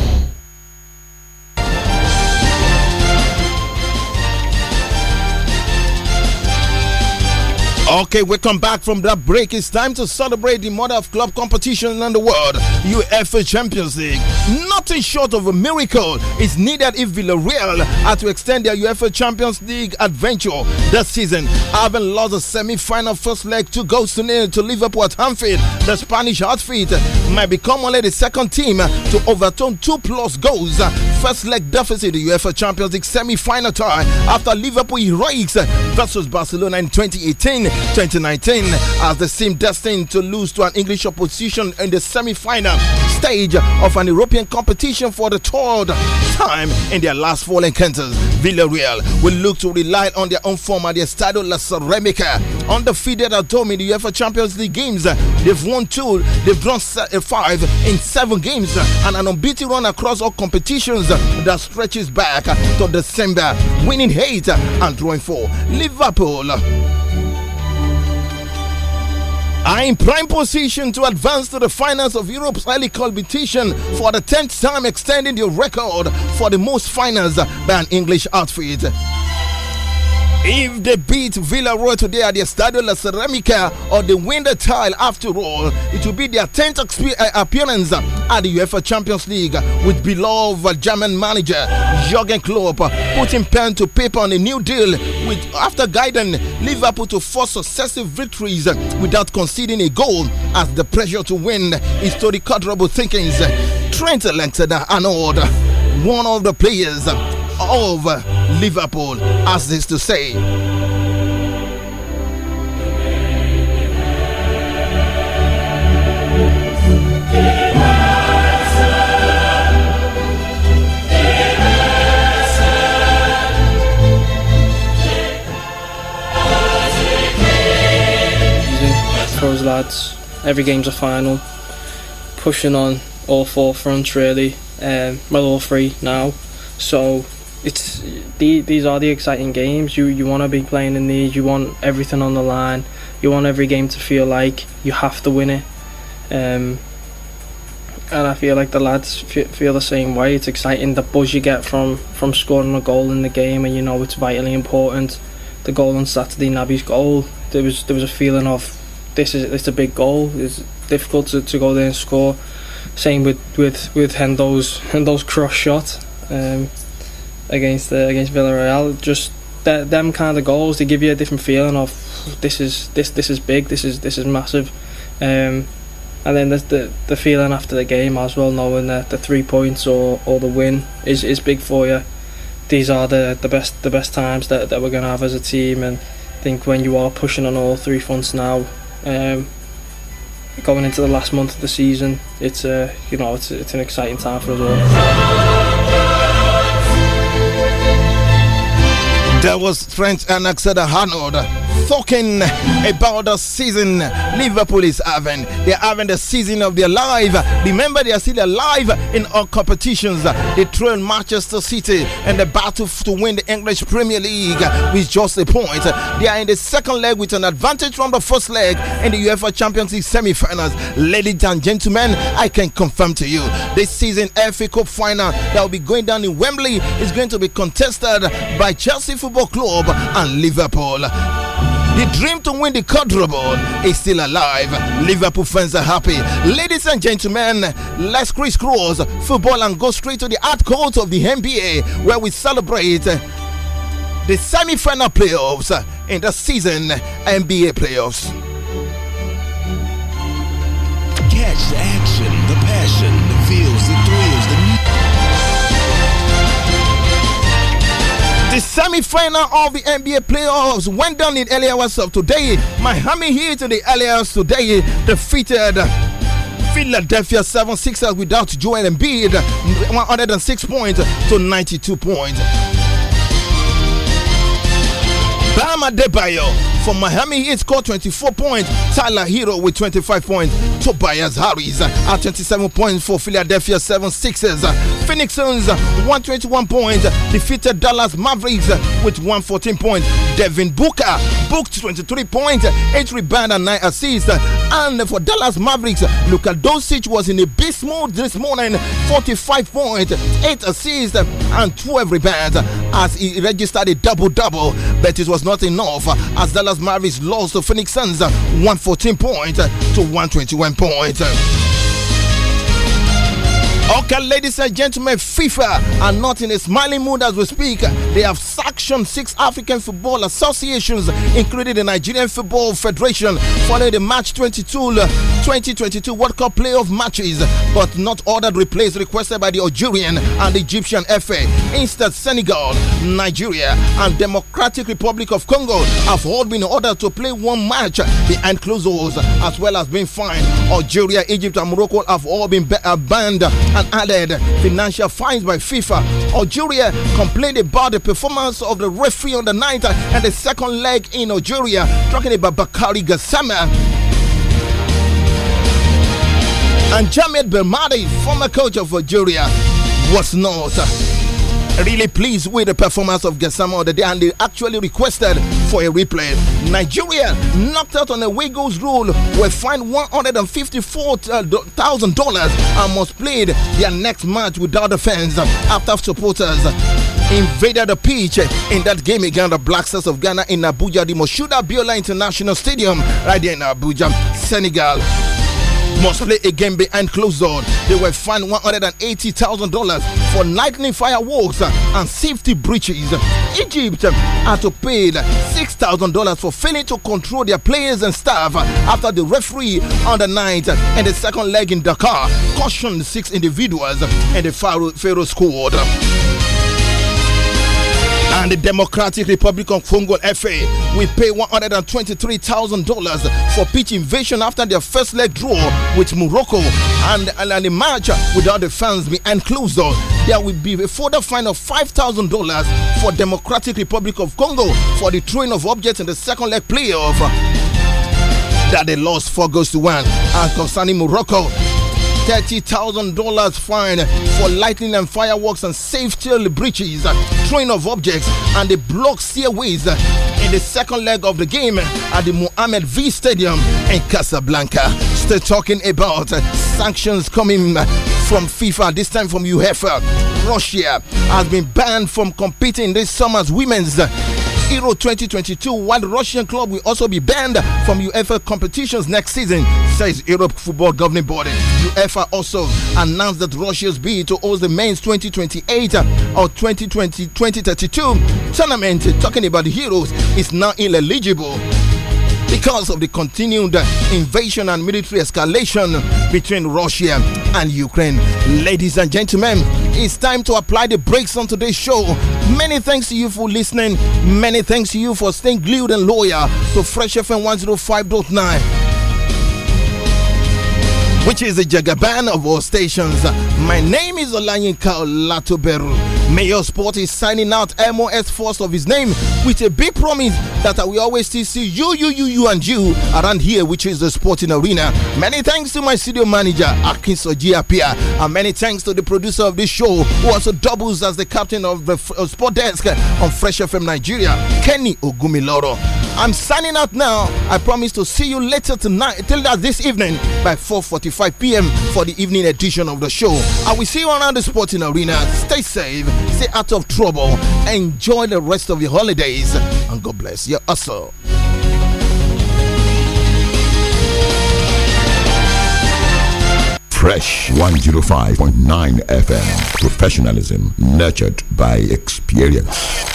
Okay, we come back from that break. It's time to celebrate the mother of club competition in the world, UEFA Champions League. Nothing short of a miracle is needed if Villarreal are to extend their UEFA Champions League adventure this season. Having lost the semi-final first leg to goals to to Liverpool at Anfield, the Spanish outfit might become only the second team to overturn two plus goals first leg deficit in the UEFA Champions League semi-final tie after Liverpool heroics versus Barcelona in 2018-2019 as the seem destined to lose to an English opposition in the semi-final stage of an European competition for the third time in their last four encounters. Villarreal will look to rely on their own form at the Estadio La Ceramica. Undefeated at home in the UEFA Champions League games, they've won two, they've drawn five in seven games, and an unbeaten run across all competitions uh, that stretches back uh, to December, winning eight uh, and drawing four. Liverpool are in prime position to advance to the finals of Europe's early competition for the 10th time, extending their record for the most finals by an English outfit. If they beat Villarreal today at the Estadio La Ceramica or they win the tile after all, it will be their 10th uh, appearance at the UEFA Champions League with beloved German manager Jurgen Klopp putting pen to paper on a new deal with after guiding Liverpool to four successive victories without conceding a goal as the pressure to win is to the quadruple thinkings. Trent Alexander Arnold, one of the players of Liverpool has this to say. For us lads, every game's a final. Pushing on all four fronts really, um, well all three now. So it's the, these are the exciting games. You you want to be playing in these. You want everything on the line. You want every game to feel like you have to win it. Um, and I feel like the lads f- feel the same way. It's exciting the buzz you get from from scoring a goal in the game, and you know it's vitally important. The goal on Saturday, Naby's goal. There was there was a feeling of this is it's a big goal. It's difficult to, to go there and score. Same with with with Hendo's Hendo's cross shot. Um, against uh, against Villarreal. Just that, them kind of goals they give you a different feeling of this is this this is big, this is this is massive, um, and then there's the the feeling after the game as well, knowing that the three points or, or the win is, is big for you. These are the, the best the best times that, that we're gonna have as a team, and I think when you are pushing on all three fronts now. Um, going into the last month of the season, it's a you know it's, it's an exciting time for us all. That was French annexed Hanover talking about the season Liverpool is having. They're having the season of their life. Remember, they are still alive in all competitions. They trail Manchester City in the battle to win the English Premier League with just a point. They are in the second leg with an advantage from the first leg in the UEFA Champions League semi finals. Ladies and gentlemen, I can confirm to you this season FA Cup final that will be going down in Wembley is going to be contested by Chelsea Football Club and Liverpool. The dream to win the quadruple is still alive. Liverpool fans are happy. Ladies and gentlemen, let's crisscross football and go straight to the hard court of the NBA where we celebrate the semi final playoffs in the season NBA playoffs. Catch the action, the passion, the feels, the thrill The semi-final of the NBA playoffs went down in early hours of today. Miami Heat in the early hours today defeated Philadelphia 76ers without Joel Embiid 106 points to 92 points. For Adebayo from Miami he scored 24 points. Tyler Hero with 25 points. Tobias Harris uh, at 27 points for Philadelphia 76ers. Uh, Phoenix Suns uh, 121 points defeated Dallas Mavericks with 114 points. Devin Booker booked 23 points, 8 rebounds and 9 assists. And for Dallas Mavericks, Luka Doncic was in a beast mode this morning, 45 points, 8 assists and 12 rebounds as he registered a double-double, but it was not in enough as Dallas Mavericks lost to Phoenix Suns 114 points to 121 points. Okay, ladies and gentlemen, FIFA are not in a smiling mood as we speak. They have sanctioned six African football associations, including the Nigerian Football Federation, following the March 22, uh, 2022 World Cup playoff matches, but not ordered replays requested by the Algerian and Egyptian FA. Instead, Senegal, Nigeria, and Democratic Republic of Congo have all been ordered to play one match behind closed doors, as well as being fined. Algeria, Egypt, and Morocco have all been uh, banned and added financial fines by FIFA. Algeria complained about the performance of the referee on the ninth and the second leg in Algeria, talking about Bakari Gassama. And Jamed Belmadi, former coach of Algeria, was not really pleased with the performance of Gassama the day, and they actually requested for a replay. Nigeria knocked out on way Wiggles rule were fined $154,000 and must play their next match without fans after supporters invaded the pitch in that game against the Black Stars of Ghana in Abuja, the Moshuda Biola International Stadium, right there in Abuja, Senegal must play a game behind closed doors. They were fined $180,000 for lightning fireworks and safety breaches. Egypt had to pay $6,000 for failing to control their players and staff after the referee on the night and the second leg in Dakar cautioned six individuals and the Pharaoh squad and the Democratic Republic of Congo FA will pay $123,000 for pitch invasion after their first leg draw with Morocco and, and, and a match without the fans behind closed doors. There will be a further fine of $5,000 for Democratic Republic of Congo for the throwing of objects in the second leg playoff that they lost 4 1. And concerning Morocco, $30,000 fine for lightning and fireworks and safety breaches, uh, throwing of objects, and the block stairways uh, in the second leg of the game at the Mohammed V Stadium in Casablanca. Still talking about uh, sanctions coming from FIFA, this time from UEFA. Russia has been banned from competing this summer's women's Euro 2022, while Russian club will also be banned from UEFA competitions next season, says Europe Football Governing Body. UEFA also announced that Russia's bid to host the men's 2028 or 2020 2032 tournament, talking about the Heroes, is now ineligible because of the continued invasion and military escalation between Russia and Ukraine. Ladies and gentlemen, it's time to apply the brakes on today's show. Many thanks to you for listening. Many thanks to you for staying glued and loyal to Fresh FM 105.9 which is the Jagaban of all stations. My name is Olanyinka Olatoberu. Mayor Sport is signing out MOS first of his name with a big promise that we always see you, you, you, you, and you around here, which is the sporting arena. Many thanks to my studio manager, Akin Sojiapia, and many thanks to the producer of this show, who also doubles as the captain of the sport desk on Fresh FM Nigeria, Kenny Ogumiloro. I'm signing out now. I promise to see you later tonight, till that this evening by 4:45 p.m. for the evening edition of the show. I will see you around the sporting arena. Stay safe, stay out of trouble, enjoy the rest of your holidays, and God bless you also. Fresh 105.9 FM. Professionalism nurtured by experience.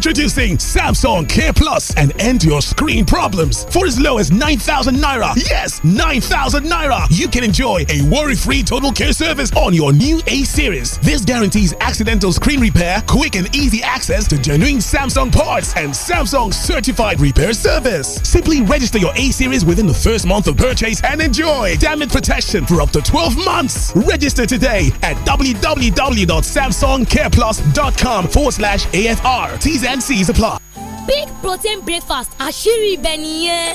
Introducing Samsung Care Plus and end your screen problems. For as low as 9,000 naira, yes, 9,000 naira, you can enjoy a worry free total care service on your new A series. This guarantees accidental screen repair, quick and easy access to genuine Samsung parts, and Samsung certified repair service. Simply register your A series within the first month of purchase and enjoy damage protection for up to 12 months. Register today at www.samsungcareplus.com forward slash AFR. And and the apply. Big protein breakfast Ashiri beniye.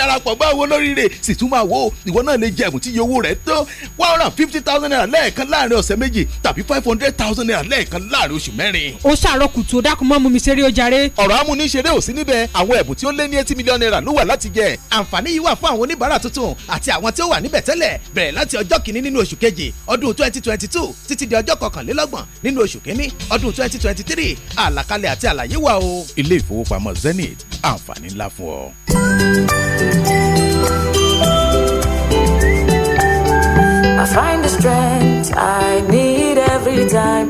darapọ̀ bá owó lóríire sì tún máa wo ìwọ náà lè jẹ ẹ̀bùn tí iye owó rẹ̀ tó one hundred fifty thousand naira lẹ́ẹ̀kan láàrin ọ̀sẹ̀ méjì tàbí five hundred thousand naira lẹ́ẹ̀kan láàrin oṣù mẹ́rin. ó ṣàárọ̀ kùtù ó dákun mọ́ mú mi ṣeré ó jàre. ọ̀rọ̀ amúniṣeré ò sí níbẹ̀ àwọn ẹ̀bùn tí ó lé ní eighty million naira ló wà láti jẹ. àǹfààní yìí wà fún àwọn oníbàárà tuntun àti àwọn tí ó wà níbẹ̀ tẹ́lẹ̀ bẹ̀rẹ̀ láti ọjọ́ kìíní nínú oṣù kejì ọdún twenty twenty two títí di ọjọ́ kọkànlélọ́gbọ̀n nínú oṣù kìíní ọdún twenty twenty three àlàkalẹ̀ àti àlàyé wà o. ilé ìfowópamọ́ Zenith àǹfààní ńlá fún ọ. I find the strength I need every time.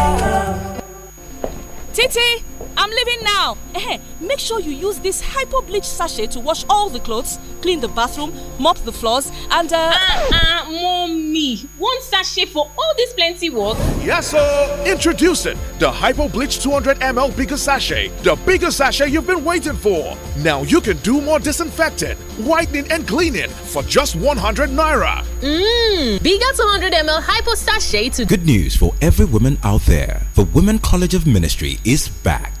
sure you use this hypo bleach sachet to wash all the clothes, clean the bathroom, mop the floors, and uh. Uh, uh, mommy, one sachet for all this plenty work. Yes, sir. Introducing the hypo bleach 200 ml bigger sachet, the bigger sachet you've been waiting for. Now you can do more disinfecting, whitening, and cleaning for just 100 naira. Mmm, bigger 200 ml hypo sachet to. Good news for every woman out there. The Women College of Ministry is back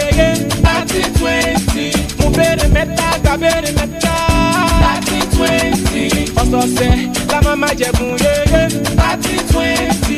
gbàbéèrè mẹ́ta gbàbéèrè mẹ́ta. thirty twenty. ọ̀sọ̀ọ̀sẹ̀ la máa máa jẹ̀bùn yéyé. thirty twenty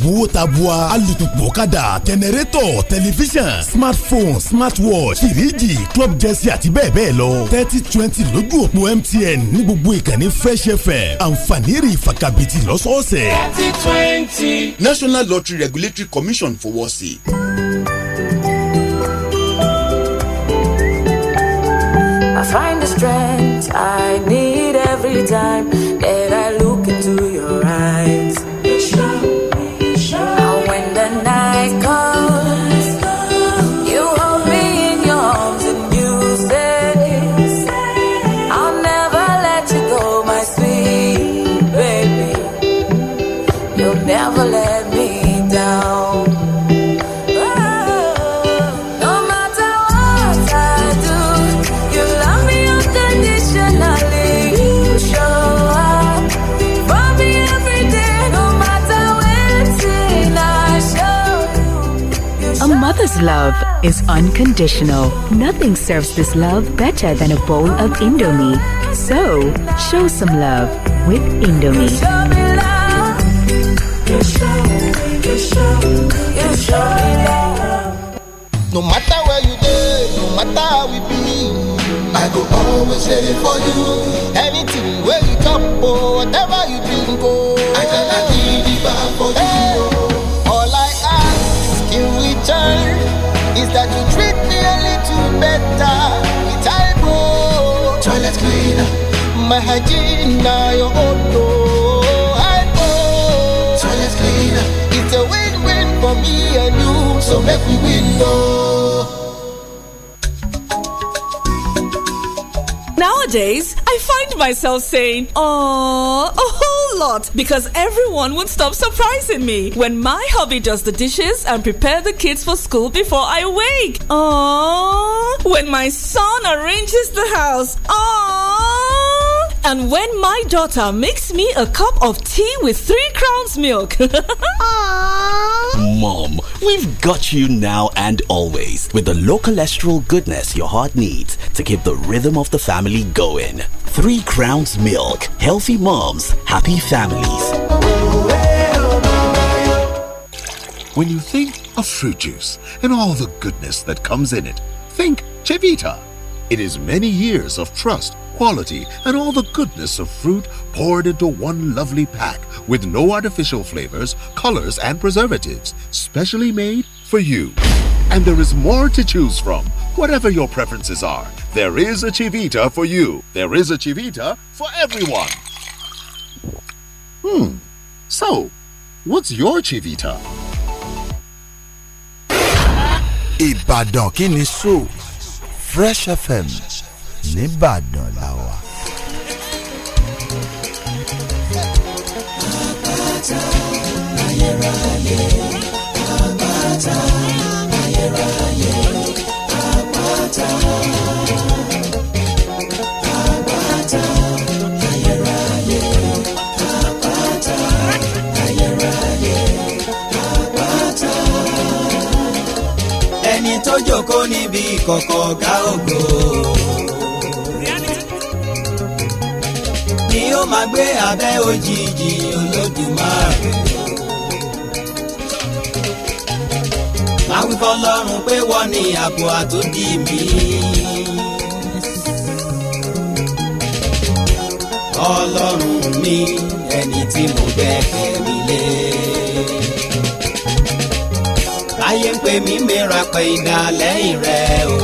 ẹ̀bùwó tabua alùpùpù ọ̀kadà jẹnẹrétọ̀ tẹlifíṣàn smartphone smartwatch fìríjì club jẹ́sí àti bẹ́ẹ̀ bẹ́ẹ̀ lọ thirty twenty lójú òpó MTN ní gbogbo ìkànnì Fresh FM àǹfààní rí ìfakabìtì lọ́sọ̀ọ̀sẹ̀. thirty twenty. National Lottery Regulatory Commission fowọ́ sí i. I find the strength I need every time. love is unconditional. Nothing serves this love better than a bowl of Indomie. So, show some love with Indomie. No matter where you go, no matter how we be, I go always ready for you. Hey. clean. My hygiene now your own I know clean. It's a win-win for me and you, so make win no. Oh. Nowadays, I find myself saying, "Oh." lot because everyone would stop surprising me when my hubby does the dishes and prepare the kids for school before I wake. Aww. When my son arranges the house. Aww and when my daughter makes me a cup of tea with three crowns milk. Mom, we've got you now and always with the low cholesterol goodness your heart needs to keep the rhythm of the family going. Three crowns milk. Healthy moms, happy families. When you think of fruit juice and all the goodness that comes in it, think Chevita. It is many years of trust quality, and all the goodness of fruit poured into one lovely pack with no artificial flavors, colors, and preservatives, specially made for you. And there is more to choose from. Whatever your preferences are, there is a Chivita for you. There is a Chivita for everyone. Hmm. So, what's your Chivita? Ibadan Kini Fresh FM nìbàdàn la wà. àpáta ayérayé àpáta ayérayé àpáta. àpáta ayérayé àpáta ayérayé àpáta. ẹni tó jókòó níbi ìkọ̀kọ̀ ọ̀gá ògo. máa gbé abẹ́ òjijì olódùmarè. máa wí fọlọ́run pé wọ́n ní ààbò àtòdì mi. ọlọ́run mi ẹni tí mo gbẹ́kẹ̀ mi lé. ayé ń pè mí mìíràn pé ìdálẹ́yìn rẹ̀ o.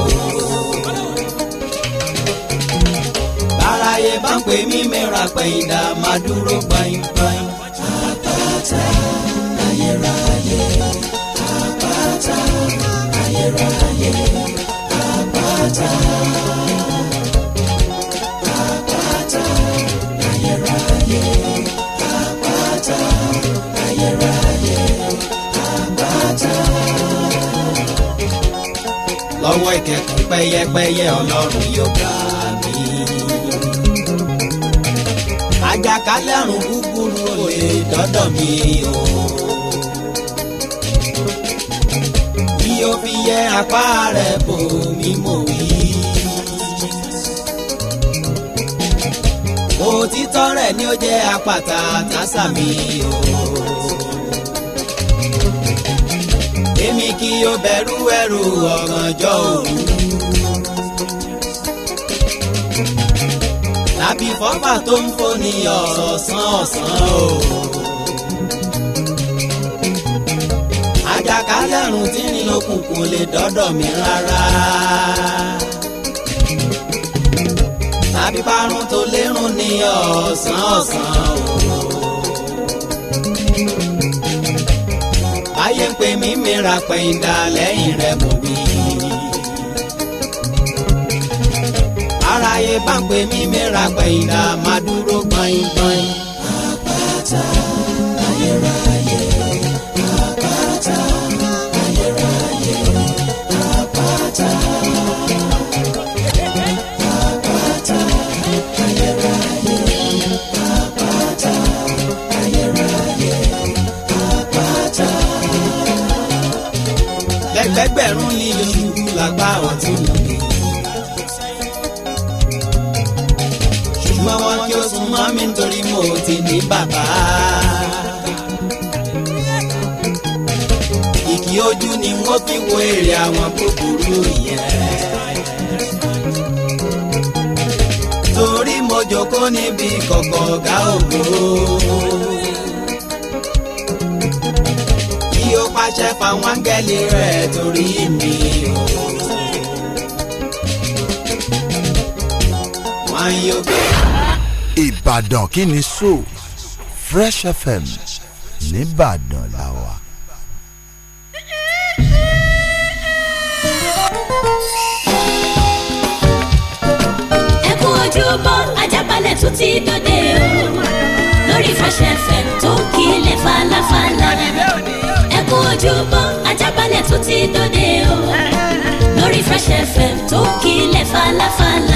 máa pè mí mẹ́ra pẹ̀yìndà máa dúró gbayin gbayin. àpáta ayérayé àpáta ayérayé àpáta. Àpáta ayérayé, àpáta ayérayé, àpáta lọ́wọ́ ìkẹ́kùn pẹ́yẹpẹ́yẹ ọlọ́run yóò ga. kálẹ̀ àrùn búburú ò lè dọ́dọ̀ mi o. bí o fi yẹ apá rẹ̀ bò mí mò wí. òtítọ́ rẹ̀ ni ó jẹ́ àpáta tásà mi o. èmi kì í o bẹ̀rù ẹrù ọ̀gànjọ́ òru. pàtàkì fọ́pà tó ń foni ọ̀rọ̀ ọ̀sán o. àjàkálẹ̀ àrùn tí ní lókun kò lè dọ́dọ̀ mi rárá. tàbí parun tó lérun ní ọ̀sán ọ̀sán o. ayé ń pè mí mìíràn pẹ̀yìndà lẹ́yìn rẹ̀ bòbí. táyé bá ń pè mí mẹ́ra gbẹ̀yìndà máa dúró gbọ̀nyìn gbọ̀nyìn. àpáta ayérayé àpáta ayérayé àpáta. Àpáta ayérayé àpáta ayérayé àpáta. lẹ́gbẹ̀gbẹ̀rún ni Èṣù làgbà ọ̀tún. ó ti ní bàbá. Ìkì ojú ni wọ́n fi wo èrè àwọn búburú yẹn. Torí mo jókòó níbi kọ̀kọ̀ ọ̀gá ògo. Kí ó pàṣẹ fáwọn áńgẹ́lì rẹ̀ torí mi o. Wọ́n yóò bẹ̀rẹ̀ ìbàdàn kí ni so fresh fm nìbàdàn la wà. ẹkún ojúbọ ajábalẹ̀ tún ti dòde o lórí fresh fm tó kílẹ̀ falafala ẹkún ojúbọ ajábalẹ̀ tún ti dòde o lórí fresh fm tó kílẹ̀ falafala.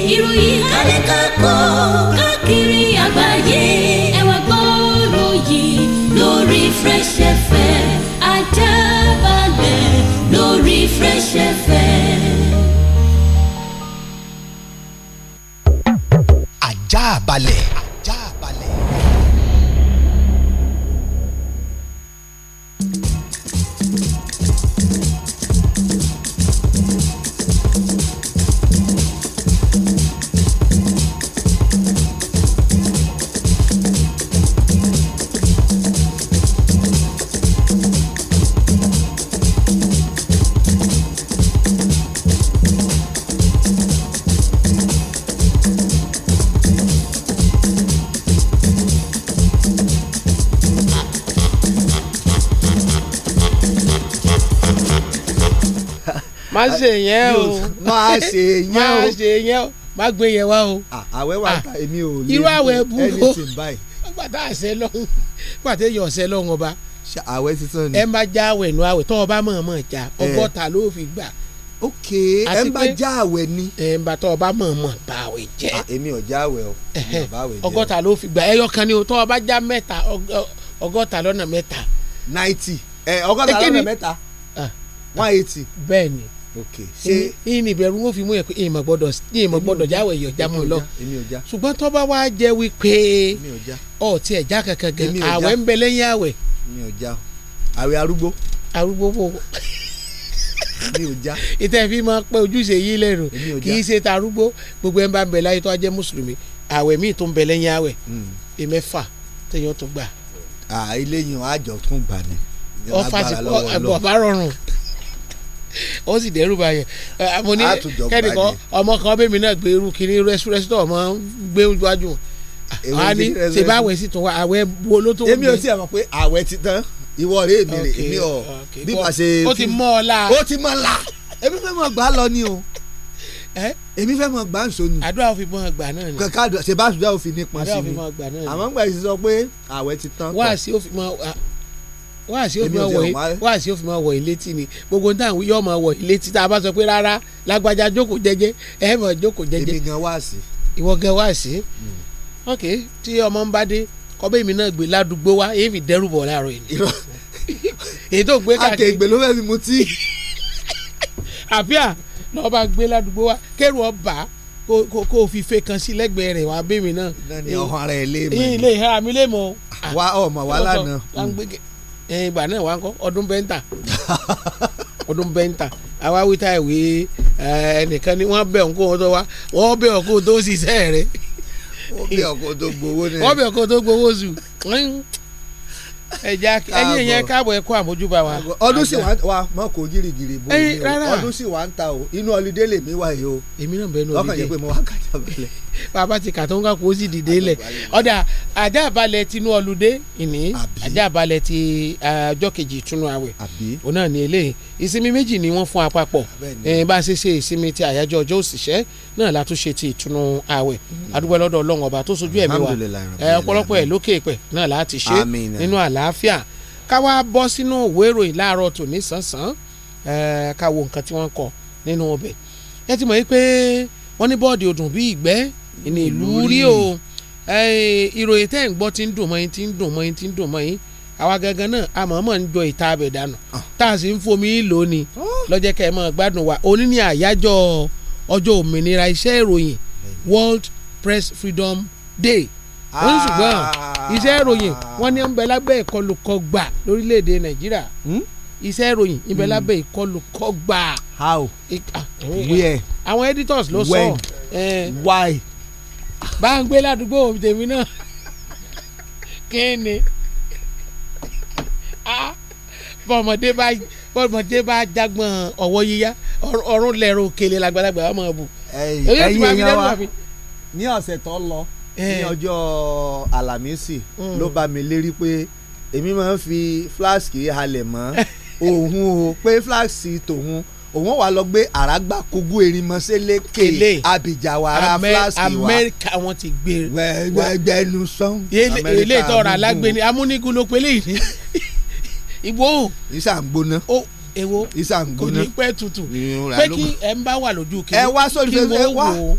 fẹ́ ká kọ́ káàkiri àgbáyé ẹ wá gbọ́rọ̀ yìí lórí Fresh FM ajá balẹ̀. ṣe yẹn o máa ṣe yẹn o máa ṣe yẹn o má gbé yẹn wá o. àwẹ̀ wà ká ah, èmi ò lè irú àwẹ̀ bú o pàtà àṣẹ lọ́hùn pàtà èyàn ọ̀ṣẹ́ lọ́hùn ọba. àwẹ̀ sísan ni. ẹ má já àwẹ̀ nu àwẹ̀ tọ́ ọba mọ̀ mọ̀ já ọgọ́ta ló fi gbà ok ẹ ń bá já àwẹ̀ ni. ẹ ń bá tọ́ ọba mọ̀ọ́mọ̀ bá àwẹ̀ jẹ́. èmi ò já àwẹ̀ o èmi ò bá àwẹ̀ jẹ́. ọgọ́ta ló fi gbà ẹyọ kan ni o tọ́ ọba já mẹ́ta ọgọ́ta lọ́nà mẹ́ta. ninety ẹ ọgọ́ta lọ́nà mẹ́ta ah. one eighty. bẹ́ẹ̀ni ok ṣé ìní ìbẹ̀rù wọn fi mú yẹn pé ìmọ̀ gbọ́dọ̀ ìmọ̀ gbọ́dọ̀ jáwé yọ̀ jámú lọ ṣùgbọ́n tó bá wá jẹ́ wípé ọ̀ tí ẹ̀ já kankan gan àwẹ̀ ń bẹ lẹ́yìn àwẹ̀. mi ò já àwẹ̀ arúgbó. arúgbó wo. mi ò já. ìtẹ́ fi máa pẹ́ ojúṣe yìí lẹ́nu kì í ṣe ta arúgbó gbogbo ẹ̀ ń bá ń bẹ láyé tó wá jẹ́ mùsùlùmí àwẹ̀ míì tó ń bẹ lẹ́yìn àwẹ̀ ìmẹ́fà tẹ̀yọ́ tó gbà. à eléyìí wọn àjọ tún gbà ní. ọfà ti ó sì dẹ́rù báyẹn mo ní kẹ́nìkan ọmọ kan bẹ́ẹ̀ mi náà gbé irú kiri rẹ́sítọ̀ ọmọ gbé wájú wọn á ní ṣe bá àwẹ̀ sì tún wá àwẹ̀ wo ló tó wọ́n bẹ́ẹ̀. èmi ò tí a mọ̀ pé àwẹ̀ ti tán ìwọ rèé mi rè mi ò bí màá ṣe. ó ti mọ́ ọ la ó ti mọ́ la èmi fẹ́ mọ̀ gbà lọ ni o èmi fẹ́ mọ̀ gbà ń so ni. àdúrà òfin mọ̀ gbà náà ni. kàkà ṣe bá àdúrà òfin nípa sí ni àmọ́ gbà yìí sọ pé àwẹ̀ ti tán. wá sí òfin mọ̀ wá sí òfin ọwọ yìí wá sí òfin ọwọ yìí létí ni gbogbo ní àwọn yóò máa wọ yìí létí tá a bá sọ pé rárá lágbájá jókòó jẹ́jẹ́ ẹ mọ jókòó jẹ́jẹ́. èmi gan wá sí. ìwọ gan wá sí. Hmm. ok tí ọmọ ń bá dé kọ́bẹ́ èmi náà gbé ládùúgbò wá èyí fi dẹ́rù bọ̀ láàárọ̀ yìí. èyí tó gbé káàkiri. àtẹ̀gbẹ́ ló fẹ́ẹ́ fi mu tí. àbíà lọ́ọ́ bá gbé ládùúgbò wá kẹ́rù ọba kó kó fi fe kan sí lẹ́gbẹ̀ẹ́ rẹ̀ wá bẹ́ẹ̀ mi náà. ilé ìhara mi lé mọ́. wá ọmọ wa lánàá. Eh, ìgbà náà wá ń kọ́ ọdún bẹ́ńtà ọdún bẹ́ńtà àwa wíta ìwé eh, ẹnìkan ni wọ́n bẹ̀ ọ́nkó wọn tó wá wọ́n bẹ̀ ọ́nkó tó ṣiṣẹ́ rẹ̀ wọ́n bẹ̀ ọ́nkó tó gbowó rẹ̀ wọ́n bẹ̀ ọ́nkó tó gbowó zù ẹja ẹyin yẹn káàbọ̀ ẹ kó àmójúbà wa. ọdún sì wà mọ kò gírígírí bó eh, o ọdún sì wà ń ta o inú ọlídé lèmi wà yìí o èmi náà bẹ́ẹ̀ ní ọlídé ọkàn yẹn pé mo wá kájà balẹ̀ bàbá ti kà tó ń kàkó ó sì dìde lẹ̀ ọ̀dà ajá balẹ̀ tinú ọlùdé ìní ajá balẹ̀ ti ọjọ́ kejì ìtúnú àwẹ̀ òun náà ní eléyìí ìsinmi méjì ni wọ́n fún àpapọ̀ bá a ṣe ṣe ìsinmi ti àyájọ́ ọjọ́ òṣìṣẹ́ náà la tún ṣe ti ìtúnú àwẹ̀ adúgbò lọ́dọ̀ ọlọ́run ọba tó sojú ẹ̀mí wa ọ̀pọ̀lọpọ̀ ẹ̀ lókè ìpẹ̀ náà láti ṣe nínú àlàáfíà káwá bọ́ sínú ìwé ìròyìn láàárọ̀ tòní sànsán ká wo nǹkan tí wọ́n kọ nínú ọbẹ̀ ẹ ti mọ̀ yí pé wọ́n ní bọ́ọ̀dì òdùn bíi ìgbẹ́ ní ìlú rí o ìròyìn tẹ́ ń gbọ́ ti ń dùn mọ́ yín ti ń dùn mọ́ yín ti ń dùn mọ́ yín àwa gangan náà a ń jọ ìta abẹ̀ dànù ah. tá a sì ń fomi lónìí ah. lọ́jẹ́ kẹ́ ẹ gbádùn wa òní ni àyájọ́ ọjọ́ òmìnira iṣẹ́ ìròyìn World Press Freedom Day ṣùgbọ́n ah. iṣẹ́ ìròyìn wọ́n ní ń bẹ lábẹ́ ìkọlù kọgbà lórílẹ̀‐èdè Nàìjíríà hmm? iṣẹ́ ìròyìn ń bẹ hmm. lábẹ́ ìkọlù kọgbà. how where àwọn editors ló sọ when why bá ń gbé ládùúgbò tèmi náà kí ni ah, bọ́mọdé bá bọ́mọdé bá jágbọ́n ọ̀wọ́ yíyá ọ̀run lẹ́rù òkèlè làgbàlagbà ọmọ ọ̀bù. ẹ̀yin èèyàn wa ní ọ̀sẹ̀ tó lọ ní eh. ọjọ́ àlàmísì hmm. ló bá mi lérí pé èmi máa ń fi flask halẹ̀ mọ́ òun o pé flask tòun òun wà lọ gbé àràgbà kogu erimọ́sẹ́lẹ̀ kele abidjan wàrà flask wa amẹ́ríkà wọn ti gbé e. wa gbẹnu sọ́n. ilé ìtọ́ra alágbèéni amúnigún ló pelé yìí ìgbó. ìsàǹgbóná ewo kò ní pẹ́ tutù pé kí ẹ ń bá wà lójú kí wọ́n wò ó.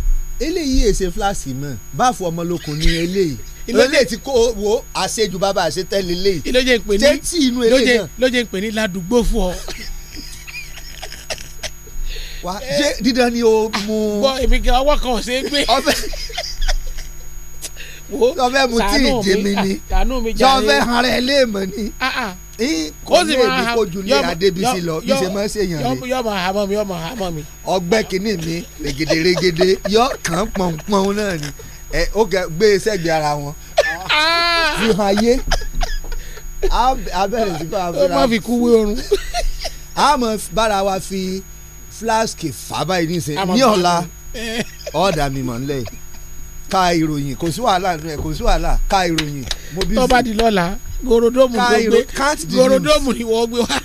eléyìí èsè fúláṣì mọ̀ báàfù ọmọlókun ni eléyìí eléyìí ti kó wo àṣejù bàbá àṣetẹ́lẹ̀ eléyìí tẹ́tí inú eléyìí náà. ló jẹ́ ń pè ní ládùúgbò fún ọ. wa ṣé dídán ni o mu. bọ èmi kì í ọwọ́ kan ò ṣe é gbé. ọfẹ mu tí ìjì mi ni ah, ṣé ọfẹ hàn rẹ léèmọ ni ah, ah. kò ní èmi kojú lé adébísí lọ bí ṣe máa ń ṣèyàn rẹ yọmọ àmọ́ mi yọmọ àmọ́ mi. ọgbẹ́ kìíní mi règèdè règèdè yọ kàn pọ̀npọ̀n náà ni ó gbé e sẹ́gbẹ̀ẹ́ ara wọn fi hàn ayé abẹ́rẹ́ sí fún abẹ́rẹ́. ó má fi kú wé oorun. a mọ̀ bára wa fi flask fàbá yìí níṣe ní ọ̀la ọ̀dà mi mọ̀ nílẹ̀ ìròyìn kò sí wàhálà ẹ kò sí wàhálà ka ìròyìn mo bí sí. tọ́ba di lọ́la gorodomu ló gorodomu ni wọ́n gbé wá.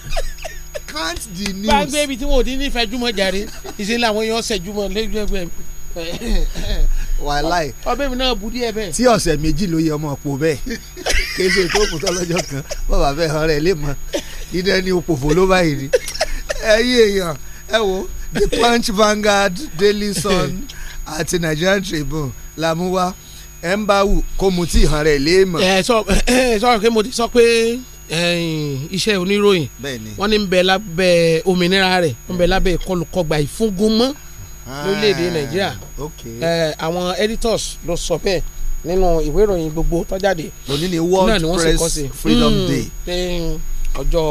count the news. bá a gbé ibi tí wọn ò ti ní fẹjúmọ jàre ìṣe làwọn èèyàn ṣẹjúmọ lẹgbẹgbẹ. wàhálà yìí ọbẹ̀ mi náà bu díẹ̀ bẹ́ẹ̀. tí ọ̀sẹ̀ méjì ló yẹ ọmọ pò bẹ́ẹ̀ kéṣe tó kù tọ́lọ́jọ́ kan bàbá bẹ́ẹ̀ ọ̀rẹ́ lè mọ dídẹ́ òpòfò ló báyìí ni ẹ̀yin èèyàn ẹ wo the punch Vanguard Daily Sun àti Nigerian Tribune la mú wá ẹ ń bá wù kó mu tí ìhàn rẹ̀ lé mọ̀. ẹ sọ ẹ sọ pé mo ti sọ pé iṣẹ́ oníròyìn wọ́n ní ń bẹ lábẹ́ òmìnira rẹ̀ ń bẹ lábẹ́ ìkọlùkọgbà ìfúngunmọ́ lórílẹ̀‐èdè ah, nàìjíríà àwọn editors ló sọ bẹ́ẹ̀ nínú ìwé ìròyìn gbogbo tó jáde. òní ni World Press Freedom hmm, Day ọjọ́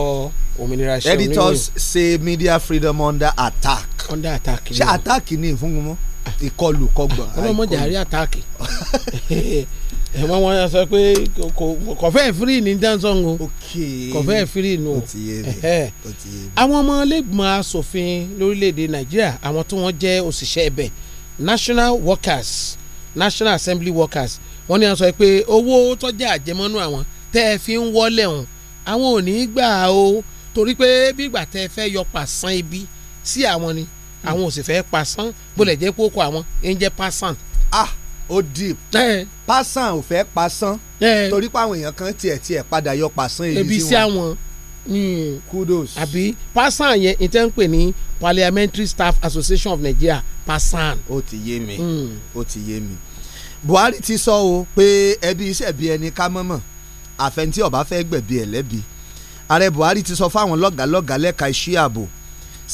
òmìnira iṣẹ́ oníròyìn. editors say media freedom under attack. under attack ni ṣé attack ni ìfúngunmọ́ ìkọlù kọgbọ̀n. ọlọ́mọ jàrí attack ẹ̀wọ̀n wọn sọ pé kọfẹ́ free ní danson o kọfẹ́ free nù. àwọn ọmọ ilégbìmọ̀ asòfin lórílẹ̀‐èdè nàìjíríà àwọn tí wọ́n jẹ́ òṣìṣẹ́ ẹ̀bẹ̀ national workers national assembly workers wọ́n ní wọ́n sọ pé owó tọ́jà àjẹmọ́nú àwọn tẹ́ ẹ fi ń wọ́lẹ̀ hàn àwọn ò ní í gbà o torí pé bígbà tẹ fẹ́ yọ pàṣán ibi sí àwọn ni àwọn ò sì fẹ́ pàṣán bólẹ̀ jẹ́ kókó àwọn ń jẹ́ pàṣán. ah ó deep pàṣán ò fẹ́ pàṣán torí pé àwọn èèyàn kan tiẹ̀ tiẹ̀ padà yọ pàṣán ibi sí wọn kudos àbí pàṣán yẹn n tẹ́ ń pè ní Parliamentary Staff Association of Nigeria pàṣán. ó ti yé mi hmm. ó ti yé mi Buhari ti sọ o pé ẹbí iṣẹ́ bí ẹni ká mọ̀mọ́ àfẹnití ọba fẹ́ gbẹ̀bí ẹ̀ lẹ́bi ààrẹ Buhari ti sọ fáwọn lọ́gàálọ́gàá lẹ́ka iṣẹ́ ààbò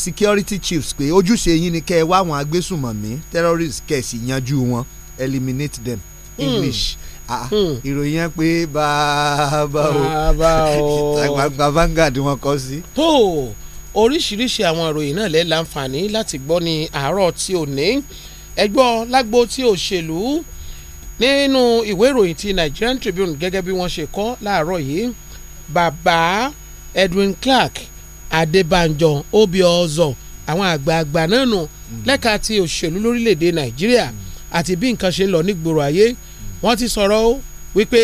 security chiefs pé ojúṣe yín ni kẹ́ ẹ wá àwọn agbésùmọ̀mí terrorists kẹ́ ẹ sì yanjú wọn eliminate them hmm. English ah, ah. Hmm. ìròyìn yẹn pé bàbá o ìtagbangba Vanguard wọn kọ sí. tó oríṣiríṣi àwọn ìròyìn náà lè láǹfààní láti gbọ́ ní àárọ̀ tí ò ní ẹgbọ́ lágbo tí òṣèlú nínú ìwé ìròyìn ti Nigerian Tribune gẹ́gẹ́ bí wọ́n ṣe kọ láàárọ̀ yìí bàbá Edwin Clark Adébánjọ Obiozor àwọn àgbààgbà náà nù mm. lẹ́ka ti òṣèlú lórílẹ̀‐èdè Nàìjíríà mm. àti bí nǹkan ṣe ń lọ nígboro ayé mm. wọ́n ti sọ̀rọ̀ ó wípé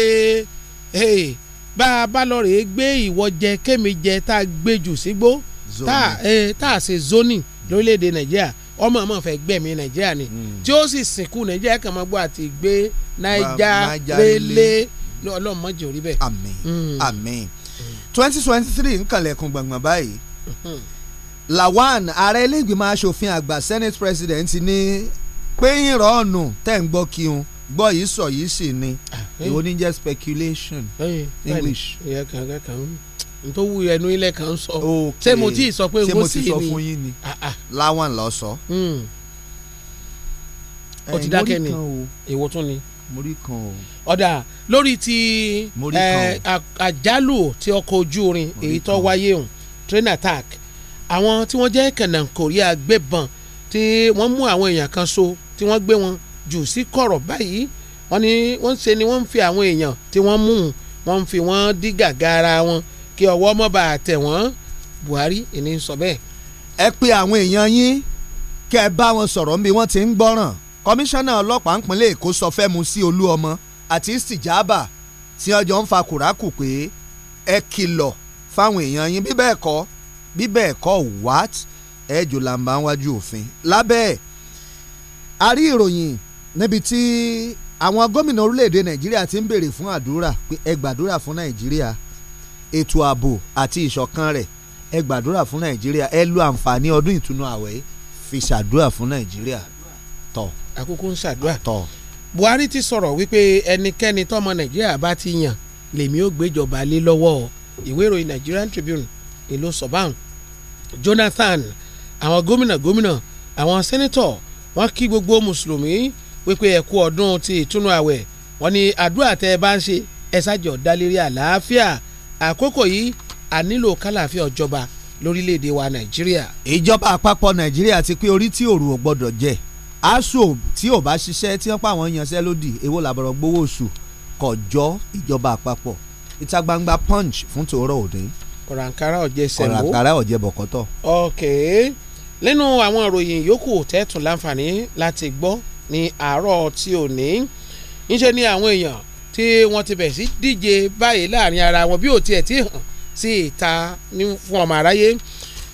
bá a bá lọ rèé gbé ìwọ jẹ kémi jẹ tá a gbé jù sígbó eh, tá a ṣe zoning lórílẹ̀‐èdè Nàìjíríà ọmọ ọmọ fẹ́ gbẹ̀mí nàìjíríà ni hmm. tí ó sì sìnkú nàìjíríà kan mọ́ gbọ́ àti gbé naija rélé ọlọ́run mọ́jọ orí bẹ́ẹ̀. àmín hmm. àmín twenty twenty three nkànlẹ̀kùn gbọ̀ngbọ̀n báyìí hmm. lawan ààrẹ ilé asòfin àgbà senate president ní pé yín rọ́ọ̀nù tẹ̀ ń gbọ́ kí n gbọ́ yìí sọ yìí sì ni ìwọ ah, ní jẹ́ speculation english n tó wu ẹnu ilẹ̀ kan sọ ṣé mo ti sọ pé ngó sì ni ah, ah. láwọn lọ sọ. Hmm. ó ti dákẹ́ ni èwo tún ni. mórí kan o. ọ̀dà lórí ti eh, àjálù ti ọkọ̀ ojú irin èyí tó wáyé hùn train attack àwọn tí wọ́n jẹ́ kànáńkòrí agbébọn tí wọ́n mú àwọn èèyàn kan so tí wọ́n gbé wọn jù sí kọ̀rọ̀ báyìí wọ́n ní wọ́n ṣe ni wọ́n ń fi àwọn èèyàn tí wọ́n mú wọ́n fi wọ́n dí ara wọn kí ọwọ́ mọ́ bá tẹ̀ wọ́n Buhari ìní sọ bẹ́ẹ̀. ẹ pe àwọn èèyàn yín kẹ́ ẹ bá wọn sọ̀rọ̀ níbi wọ́n ti ń gbọ́ràn kọmíṣánná ọlọ́pàá ìpínlẹ̀ Èkó sọ fẹ́ mu sí Olúọmọ àti Sìjàbà tí ọjọ́ ń fa kùrákù pé ẹ kìlọ̀ fáwọn èèyàn yín bí bẹ́ẹ̀ kọ́ bí bẹ́ẹ̀ kọ́ what ẹ jù làǹbà wájú òfin lábẹ́ ẹ̀ a rí ìròyìn níbi tí àwọn gómìnà orílẹ̀-èdè Nàìjíríà ti ń béèrè fún àdúrà pé ẹ gbàdúrà fún Nàìjíríà ètò ààbò àti ìṣọ̀kan rẹ̀ ẹ gbàdúrà fún nàìjíríà ẹ lu àǹfààní ọdún ìtúnu àwẹ̀ fi ṣàdúrà fún nàìjíríà tọ. àkókò ń ṣàdúrà tọ. buhari ti sọ̀rọ̀ wípé ẹnikẹ́ni tọ́mọ nàìjíríà bá ti yàn lèmi ó gbéjọba lé lọ́wọ́ ìwé ìròyìn nigerian tribune ni ló jonathan àwọn gómìnà gómìnà àwọn sẹ́nitọ̀ wọ́n kí gbogbo mùsùlùmí wípé ẹ kú ọdún ti ìtúnu àwẹ̀ wọ́n ní àdúrà tẹ́ ẹ bá ń ṣe ẹ ṣàjọ dálérí àlàáfíà àkókò yìí a nílò kálàfin ọ̀jọba lórílẹ̀‐èdè wa nàìjíríà. ìjọba àpapọ̀ nàìjíríà ti pé orí tí òru ò gbọ́dọ̀ jẹ asob tí ò bá ṣiṣẹ́ tí wọ́n pa àwọn yanṣẹ́ lódì èwo làbọ̀rọ̀ gbowó oṣù kọjọ́ ìjọba àpapọ̀ ìta gbangba punch fún tòórọ́ òde. ọ̀rọ̀ àǹkárá ọ̀jẹ̀ sẹ́wọ́ ọ̀rọ̀ àǹkárá ọ̀jẹ̀ bọ̀kọ́tọ̀. okay nínú àwọn ìròyìn yòókù tẹ́tùn láǹfààní láti gbọ́ ní àárọ̀ tí ò ní í ṣe ni àwọn èèyàn tí wọ́n ti bẹ̀ sí díje báyìí láàrin ara wọn bí ò tiẹ̀ ti hàn sí ìta fún ọmọ aráyé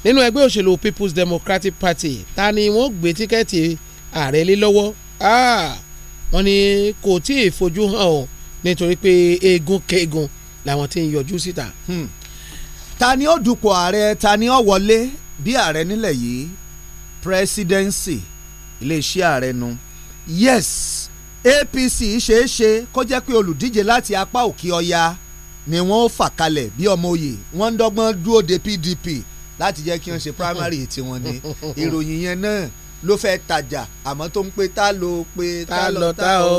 nínú ẹgbẹ́ òṣèlú People's Democratic Party ta ni wọ́n gbé tíkẹ́ẹ̀tì ààrẹ lé lọ́wọ́ ah, wọ́n ní kò tí ì fojú hàn o nítorí pé eégún kéégún làwọn ti ń yọjú síta. Hmm. ta ni ó dupò ààrẹ ta ni ó wọlé bí ààrẹ nílẹ̀ yìí presidency iléeṣẹ́ ààrẹ nu yes APC ṣeé ṣe kó jẹ́ pé olùdíje láti apá òkè ọya ni wọ́n fà kalẹ̀ bí ọmọ oyè wọ́n ń dọ́gbọ́n dúró de PDP láti jẹ́ kí wọ́n ṣe primary tiwọn ni ìròyìn yẹn náà ló fẹ́ tajà àmọ́ tó ń pe tá ló pe tá lọ tá o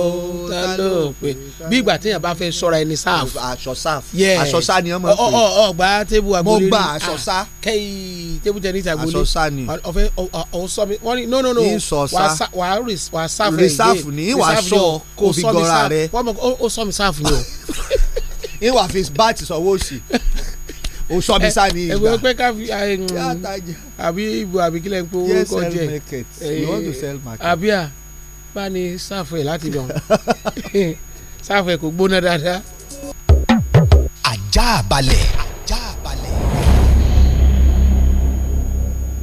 tá ló pe bí ìgbà téèyàn bá fẹ́ sọ́ra ẹni sáf. aṣọ sáf aṣọ sá ni wọ́n máa ń pè. ọ gba tébù agolo ni mo gba aṣọ ah, sá. kẹ́yì tébù tẹ ní ti agolo aṣọ sá ni. ọ̀fẹ́ ọ̀hún sọ mi wọ́n ní no no no wà á wà á sáf rẹ̀ sáf ni wà á sọ kó fi gọra rẹ̀. ó sọ mi sáf ni o. ìwà fi bá ti sọ wọ́ọ̀sì. o sọ mi eh, sani eh, ìgbà. ẹ̀wọ̀n pé ká fi eh, mm, àbí ìbò àbí kílẹ̀ ń pé owó kọ you want to sell market. àbí à bá ní sáfù ẹ̀ láti lọ sáfù ẹ̀ kò gbóná dáadáa. ajá balẹ̀.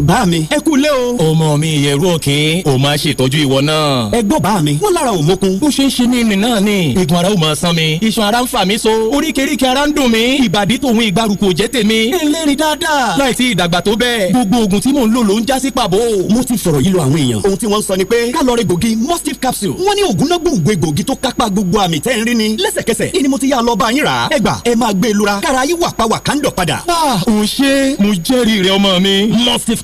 bá mi ẹ kú lé o. ọmọ mi ìyẹ̀rú òkín o máa ṣètọ́jú ìwọ náà. ẹ gbọ́ bá mi wọ́n lára ò mókun. ó ṣe é ṣe ní ìrìn náà ni igun ara ó máa san mi iṣan ara ń fà mí so oríkèéríkèé ara ń dùn mí ìbàdí tòun ìgbàrúkọ jẹ́ tèmi. ẹlẹ́rìí dáadáa láì sí ìdàgbà tó bẹ́ẹ̀ gbogbo oògùn tí mò ń lò ló ń já sí pàbó. mo ti fọ̀rọ̀ yìí lọ àwọn èèyàn ohun tí wọ́n sọ ni pé kálọ̀rì gògì mustif capsule wọ́n ní oògùn náà gbòǹgbò egbògi tó kápá gbogbo àmì tẹ́ ń rí ni lẹ́sẹ̀kẹsẹ̀ ìní mo ti yá lọ bá yín rà ẹ gbà ẹ máa gbé e lura kára yín wà pa wà kándọ̀ padà. a ah, ò ṣe mo jẹ́rìí rẹ ọmọ mi mustif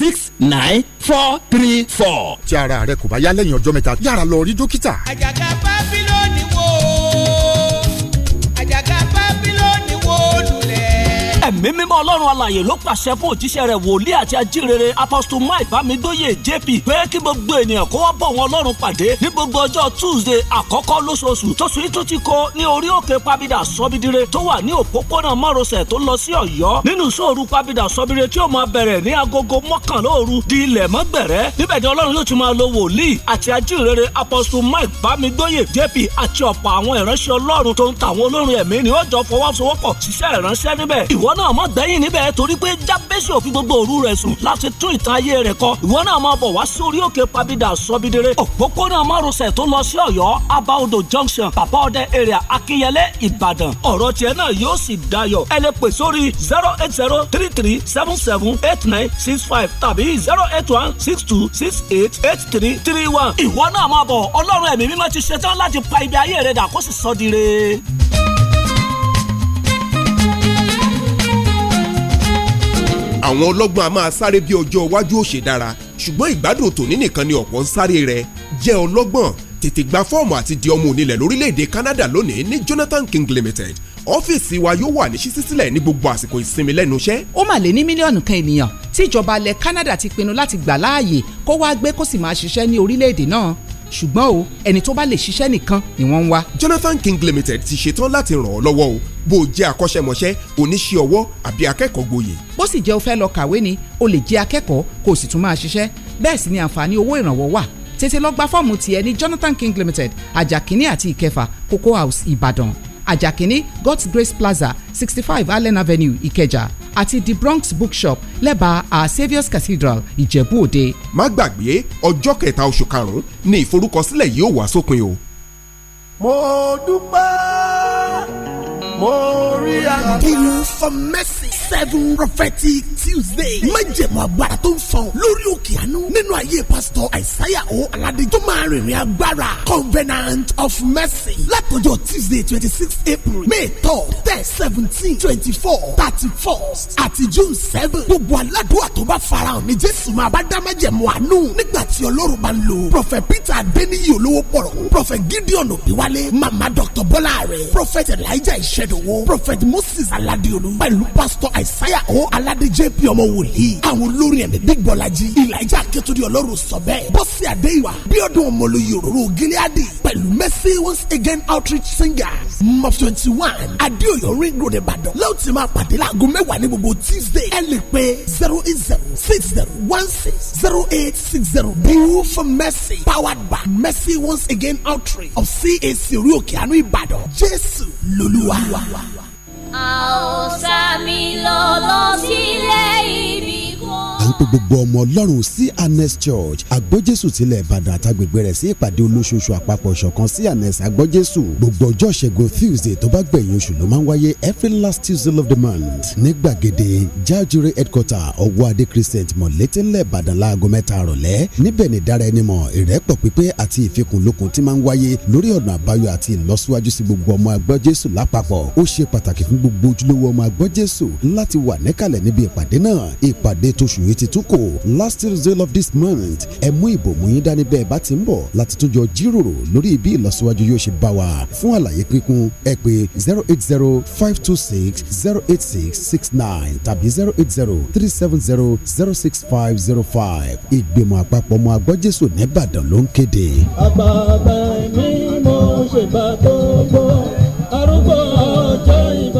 six nine four three four. tí ara rẹ kò bá yá lẹ́yìn ọjọ́ mẹ́ta yára lọ rí dókítà. àjàgà bá bílò. ẹ̀mí mímọ́ ọlọ́run alàyè ló pàṣẹ fún òjíṣẹ́ rẹ̀ wòlíì àti ajíhìnrere apostle mike bámidóyè jp pé kí gbogbo ènìyàn kó wá bọ̀ wọn ọlọ́run pàdé ní gbogbo ọjọ́ tuesday àkọ́kọ́ lóṣooṣù tó sùn tún ti kó ní orí òkè pabidà sọ́bídire tó wà ní òpópónà márosẹ̀ tó lọ sí ọ̀yọ́ nínú sóòru pabidà sọ́bídire tí ó máa bẹ̀rẹ̀ ní agogo mọ́kànlá òru di ilẹ̀ mọ́gbẹ̀rẹ́ ni ọlọ́run yóò ti máa lo wòlíì àti ajíhìnrere apostle mike bámidóyè jp àti ọ̀pọ̀ àwọn ìránṣẹ́ ọlọ́run tó ń tàwọn olórin ẹ̀mí ni ó jọ fọwọ́sowọ́pọ̀ ṣiṣẹ́ ìránṣẹ́ níbẹ̀ ìwọ náà náà mọ̀ gbẹ́yìn níbẹ̀ torí pé jábẹ́sì òfin gbogbo òru rẹ̀ sùn láti tún ìtàn ayé rẹ̀ kọ ìwọ náà máa bọ̀ wá sí orí òkè pabidà sọbidere òpópónà márosẹ̀ tó lọ sí ọ̀yọ́ abaodò junction bàbá ọdẹ èrè akínyẹlé ìbàdàn ọ̀rọ̀ tiẹ̀ náà yóò sì dayọ̀ ẹ lè pè sórí zero eight zero three three seven seven eight nine six five tàbí zero eight one six two six eight eight three three one ìwọ náà máa bọ̀ ọlọ́run ẹ̀mí mímọ́ ti ṣetán láti pa ibi ayé rẹ̀ dà kó sì sọ di re. àwọn ọlọ́gbọ́n a máa sáré bí ọjọ́ iwájú ò ṣe dára ṣùgbọ́n ìgbádùn tòní nìkan ni ọ̀pọ̀ ń sáré rẹ̀ jẹ́ ọlọ́gbọ́n tètè gba fọ́ọ̀mù àti di ọmọ onílẹ̀ lórílẹ̀‐èdè Canada lónìí ní Jonathan King Limited ọ́fíìsì wa yóò wà ní ṣíṣí sílẹ̀ ní gbogbo àsìkò ìsinmi lẹ́nu iṣẹ́. ó mà lé ní mílíọ̀nù kan ènìyàn tí ìjọba ilẹ̀ Canada ti pinnu láti gbà láàyè kó wáá gbé kó sì máa ṣiṣẹ́ ní orílẹ̀-èdè náà ṣùgbọ́n o ẹni tó bá lè ṣiṣẹ́ nìkan ni wọ́n ń wá. Jonathan King Limited ti ṣetán láti ràn ọ́ lọ́wọ́ o bó o jẹ́ akọ́ṣẹ́mọṣẹ́ oníṣẹ́ ọwọ́ àbí akẹ́kọ̀ọ́ gboyè. bó sì jẹ́ o fẹ́ lọ kàwé ni o lè jẹ́ akẹ́kọ̀ọ́ kó o sì tún máa ṣiṣẹ́ bẹ́ẹ̀ sì ni àǹfààní owó ìrànwọ́ wà tètè lọ gba fọ́ọ̀mù tiẹ̀ ní Jonathan King Limited ajakini àti ìkẹfà Cocoa House Ìbàdàn ajakini God's Grace Plaza sixty five Allen Avenue Ìkẹjà àti the bronx bookshop lẹ́bàá our saviour's cathedral ìjẹ̀bú òde. má gbàgbé ọjọ́ kẹta oṣù karùn-ún ni ìforúkọsílẹ̀ yìí ó wà sópin o. mo dúpẹ́ Moriah, rí àná. mercy seven prophetic Tuesday. Májèmọ̀ agbára tó ń sàn lórí òkè àánú nínú ayé pásítọ̀ Àìsáyà O Aládé tó máa rìnrìn agbára Covenant of Mercy látọjọ́ Tuesday twenty six April May third ten seventeen twenty four thirty first àti June seven. Gbogbo aládùúgbò tó bá farahàn ní Jésù máa bá dá májèmọ̀ àánú nígbà tí Ọlọ́run bá ń lò. Prọfẹ̀ Peter Adéníyì olówó pọ̀rọ̀. Prọfẹ̀ Gideon Òbíwálé. Màmá Dr. Bọ́lá rẹ̀. Prọfẹ̀ Elijah Ìṣẹ́ Adédowo prophet Moses Aladeolu pẹ̀lú pastor Isaiah o Alade JP ọmọ wòlíì àwọn olórin ẹ̀mí Big Bọ́lájí Elijah Akétúndé Ọlọ́run sọ bẹ́ẹ̀ Bọ́sì Adéyíwá Bíọ́dún Ọmọlóyè òróró Gileadi pẹ̀lú Mercy Once Again Outreach singer, MOF twenty one Adéoyọ̀ Ring Road Ìbàdàn ló ti máa pàdé láago mẹ́wàá ní gbogbo Tuesday ẹ lè pe zero eight zero six zero one six zero eight six zero Bíwú for Mercy powered by Mercy Once Again Outreach of CAC Orí Òkè Àánú Ìbàdàn Jésù lolúwa. Aosa mi lolo si leibi pe gbogbo ọmọ ọlọ́run sí anes church agbójésù tilẹ̀ ìbàdàn àtàgbègbè rẹ̀ sí ìpàdé olóṣooṣù àpapọ̀ ṣọ̀kan sí anes agbójésù gbogbo ọjọ́ ṣẹ́gun tuesday tó bá gbẹ̀yìn oṣù ló máa ń wáyé every last tuesday of the month ní gbàgede jajure headquarter ọwọ́ adé christian mọ̀lẹ́tẹ̀ ńlẹ̀ ìbàdàn láago mẹ́ta rọ̀lẹ́ níbẹ̀ ni dára ẹni mọ̀ ìrẹ́pọ̀ pípé àti ìfikùnlukùn ti máa ń wáyé lórí ọ̀nà àbáyọ àti ìlọsíwájú sí gbogbo ọmọ agbọ́jésù lápapọ̀ ó ṣe pàtàkì fún gbogbo ojúlówó ọmọ agbọ́jésù láti wà níkàlẹ̀ níbi ìpàdé tó last Tuesday of this month ẹ mú ìbòmú yín dání bẹ́ẹ̀ bá ti ń bọ̀ láti tún jọ jíròrò lórí bí ìlọsíwájú yóò ṣe bá wa fún àlàyé kíkún ẹ pè zero eight zero five two six zero eight six six nine tàbí zero eight zero three seven zero zero six five zero five ìgbìmọ̀ àpapọ̀ ọmọ agbọ́jésù nìbàdàn ló ń kéde. àbàbà mi mo ṣèbà tó gbọ́ arúgbó ọjọ́ ìbá.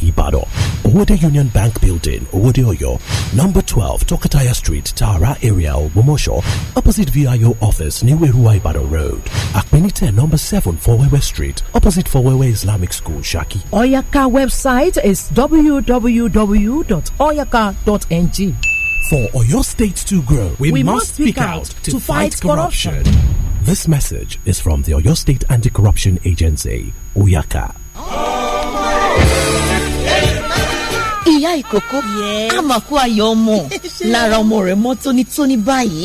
Ibadan. Owode Union Bank Building, Owode Oyo. Number 12, Tokataya Street, Tara area, Ogumosho. Opposite VIO office, New Erua Ibadan Road. Akpenite, number 7, Fowewe Street. Opposite Fowewe Islamic School, Shaki. Oyaka website is www.oyaka.ng. For Oyo State to grow, we, we must speak out to, to fight, fight corruption. corruption. This message is from the Oyo State Anti Corruption Agency, Oyaka. Oh ìyá ìkókó àmàkù ayọ̀ ọmọ lára ọmọ rẹ̀ mọ́ tónítóní báyìí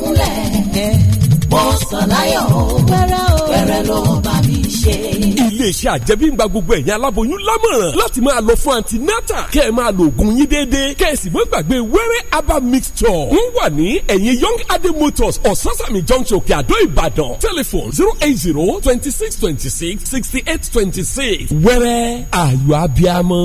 kúnlẹ̀ mọ́sàláyọ̀ pẹ̀rẹ̀ ló bá mi ṣe. iléeṣẹ́ àjẹmíngba gbogbo ẹ̀yin aláboyún lámọ̀ràn láti máa lọ fún antinatal kẹ́ ẹ̀ máa lo oògùn yín déédéé kẹ́ ẹ̀ sì mọ́ gbàgbé wẹ́rẹ́ herbal mixture. wọ́n wà ní ẹ̀yìn young adé motors ososani junction kíadó ìbàdàn telephone zero eight zero twenty six twenty six sixty eight twenty six wẹ́rẹ́ ayọ̀ abiamọ.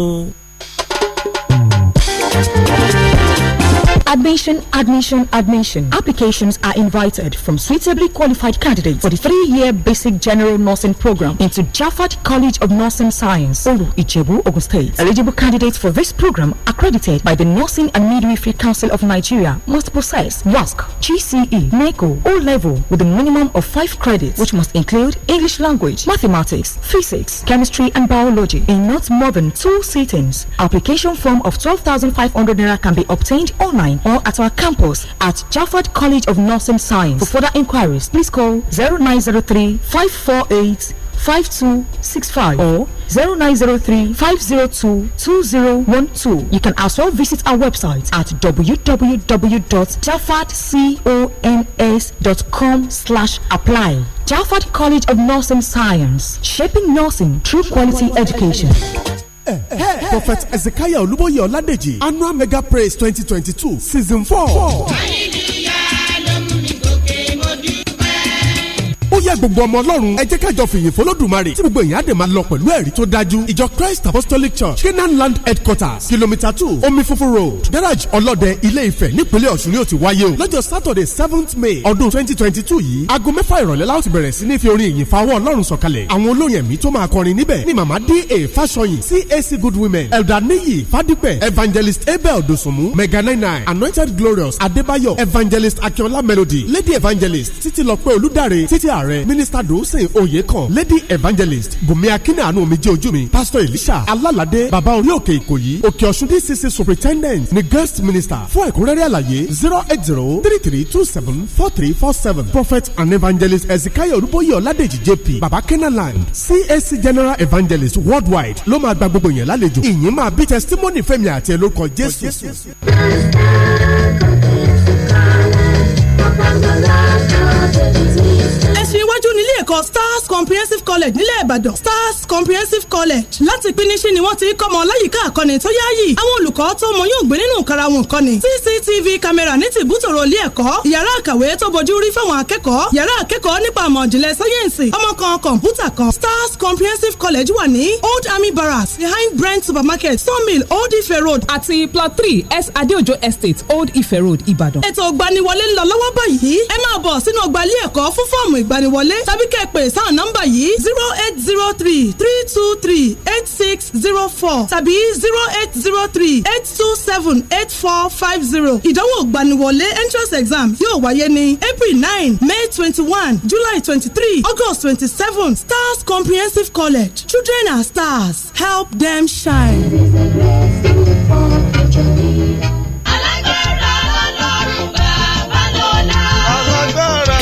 Admission, admission, admission. Applications are invited from suitably qualified candidates for the three-year basic general nursing program into Jaffat College of Nursing Science, Olu Ogun State. Eligible candidates for this program accredited by the Nursing and Midwifery Council of Nigeria must possess WASC, GCE, NECO, O-Level with a minimum of five credits, which must include English language, mathematics, physics, chemistry, and biology in not more than two sittings. Application form of 12,500 Naira can be obtained online or at our campus at Jafford College of Nursing Science. For further inquiries, please call 0903 548 5265 or 0903 502 2012. You can also visit our website at wwwjaffordconscom slash apply. Jafford College of Nursing Science, shaping nursing through quality education. prophet ezekiah olúbóyè ọládèjì annual mega praise twenty twenty two season four. àlàáfíà gbogbo ọmọ ọlọ́run ẹ jẹ́ kájọ fìyìn fọlọ́dùmarè tí gbogbo èèyàn á dẹ̀ máa lọ pẹ̀lú ẹ̀rí tó dájú ìjọ Christ Apostolic Church Canaan Land Headquarters kilomita two omi funfun road garage ọlọ́dẹ ilé Ifẹ̀ nípínlẹ̀ Ọ̀ṣun ni ó ti wáyé o lọ́jọ́ Saturday seventh May ọdún twenty twenty two yìí aago mẹ́fà ìrọ̀lẹ́ láti bẹ̀rẹ̀ sí ní fi orin ìyìn fawọ́ ọlọ́run sọ̀kalẹ̀ àwọn olóyìn ẹ̀mí tó máa kọrin níbẹ̀ Good Women Elda Níyì Evangelist Abel Dosunmu Mega Anointed Glorious Adébáyọ̀ Evangelist Akínọlá Melody Lady Evangelist Títílọpẹ́ Olúdáre Títí Ààrẹ Minister mínísítà Oyekan, lady evangelist bùnmi akínàánú mi jẹ́ ojú mi pásítọ̀ elisha alálàdé bàbá orí òkè ìkòyí òkè ọ̀ṣun dcc superintendent ni guest minister fún ẹ̀kúnrẹ́rẹ́ àlàyé zero eight zero three three two seven four three four seven prophet and evangelist ezekiel olúbóyè ọ̀ládèjì jp baba kenaland cac general evangelist worldwide ló máa gba gbogbo yẹn lálejò ìyìn máa bí testimony fẹ́mi àti ẹ̀ lórúkọ jésù. ẹ̀kọ́ stars comprehensive college nílẹ̀ ìbàdàn stars comprehensive college láti pínísí ni wọ́n ti kọ́ ọmọ láyìíká àkọ́ni tó yáàyè àwọn olùkọ́ tó mọ yóò gbé nínú ìkara wọn kọ́ni cctv camera ní ti bútòrò ilé ẹ̀kọ́ yàrá àkàwé tó bojú rí fáwọn akẹ́kọ̀ọ́ yàrá akẹ́kọ̀ọ́ nípa àmọ̀ ìjìnlẹ̀ sáyẹ́ǹsì ọmọ kan kọ̀ǹpútà kan stars comprehensive college wà ní old army barracks behind brent supermarket sawmill old ife road àti plot three s adeojo estate old ife road ìbàdàn. ètò ìgbaniwọlé ń lọ lọ́wọ́ báyìí ẹ máa bọ̀ sínú ọgbà ilé ẹ̀kọ́ fún fọ́ọ̀mù ìgbaniwọlé tàbí kẹ́ pè sáà nọ́mbà yìí zero eight zero three three two three eight six zero four tàbí zero eight zero three eight two seven eight four five zero. ìdánwò gbaniwọlé entrance exam yóò wáyé ní April nine May twenty one July twenty three August twenty seven Stars Comprehensive College children are stars help them shine.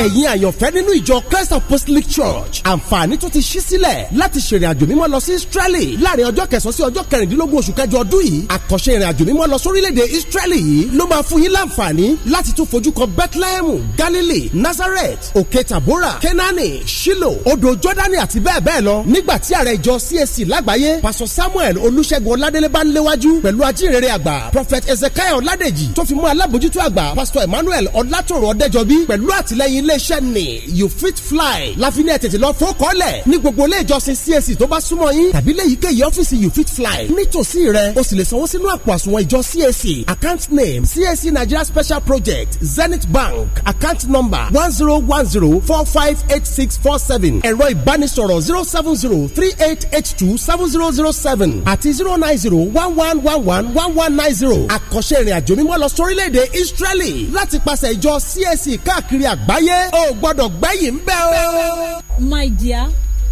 ẹ̀yin àyànfẹ́ nínú ìjọ Christ Apostolic Church àǹfààní tó ti ṣí sílẹ̀ láti ṣèrìn àjò mímọ́ lọ sí Israeli láàrin ọjọ́ kẹsàn-án sí ọjọ́ kẹrìndínlógún oṣù kẹjọ ọdún yìí àkànṣe ìrìn àjò mímọ́ lọ sórílẹ̀-èdè Israeli yìí ló máa fún yín láǹfààní láti tún fojú kan Bethlehem Galilee Nazareth Òkè Tabora Kenani Shilo odò Jordani àti bẹ́ẹ̀ bẹ́ẹ̀ lọ nígbà tí ààrẹ ìjọ CAC lágbàáyé Pastor Samuel Olúṣẹ́gun Ọládélé bá ń léwájú pẹ̀lú ajínrere àgbà Prophet Ezekiel Ọládèjì tó fi mú alábòjútó àgbà Pastor Emmanuel Ọlátòrò Ọdẹ́jọbí pẹ̀lú àtìlẹ́yìn iléeṣẹ́ ni you fit fly láfiní ẹ̀ tètè lọ fún kọ́lẹ̀ ní gbogbo ilé ìjọsìn CAC tó bá súnmọ́ yín tàbí léyìíkéyìí ọ́fíìsì you fit fly nítòsí rẹ o sì lè sanwó sínú àpò àsùnwọ̀n ìjọ CAC account name CAC Nigeria Special Project Zenith Bank account number one zero one zero four five eight six four seven ẹ̀rọ ìbánisọ̀rọ̀ zero seven zero three eight eight two seven zero zero seven àti zero nine zero one one one one one one nine zero àkọsẹ́ ìrìnàjò mímọ́ lọ sórílẹ̀‐èdè Israeli láti pàṣẹ ìjọ CAC káàkiri àgbáyé pé o gbọ́dọ̀ gbẹ́yìn ń bẹ́ o. my dear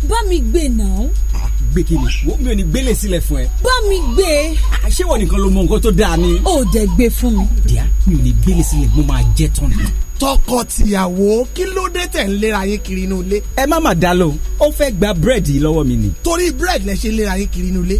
bá mi gbé náà gbé kí ni wo mi ò ní gbélé sílẹ̀ fún ẹ. bá mi gbé. ṣé wọn nìkan ló mọ nǹkan tó dáa ni. ó dẹ gbé fún mi. díà mi ò ní gbélé sílẹ̀ mo máa jẹ́ tán ni tọkọ-tìyàwó kí ló dé tẹ̀ ń léra yín kiri inú ilé. ẹ má mà dá lóhùn ó fẹ́ gba búrẹ́dì lọ́wọ́ mi ni. torí búrẹ́dì lẹ ṣe léra yín kiri inú ilé.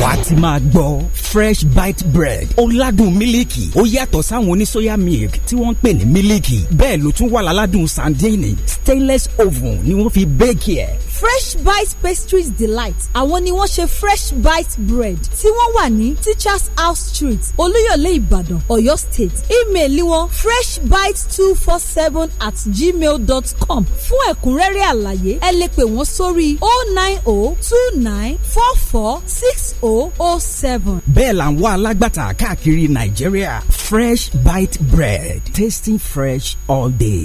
wàá ti máa gbọ́ fresh bite bread ó ládùn mílíkì ó yàtọ̀ sáwọn oníṣòyà milk tí wọ́n ń pè ní mílíkì bẹ́ẹ̀ ló tún wà láládùn sandini stainless oven ni wọ́n fi bẹ́ẹ̀kì ẹ̀. fresh bite pastries delight àwọn ni wọ́n ṣe fresh bite bread tí wọ́n wà ní teachers house street olúyọ̀lé ìbàdàn ọ̀yọ́ state email wọn freshbite two two four seven at gmail dot com fún ẹ̀kúnrẹ́rẹ́ àlàyé ẹ lè pè wọ́n sórí oh nine oh two nine four four six oh oh seven. bẹ́ẹ̀ là ń wá alágbàtà káàkiri nàìjíríà fresh bite bread tasting fresh all day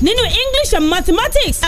nínú English and mathematics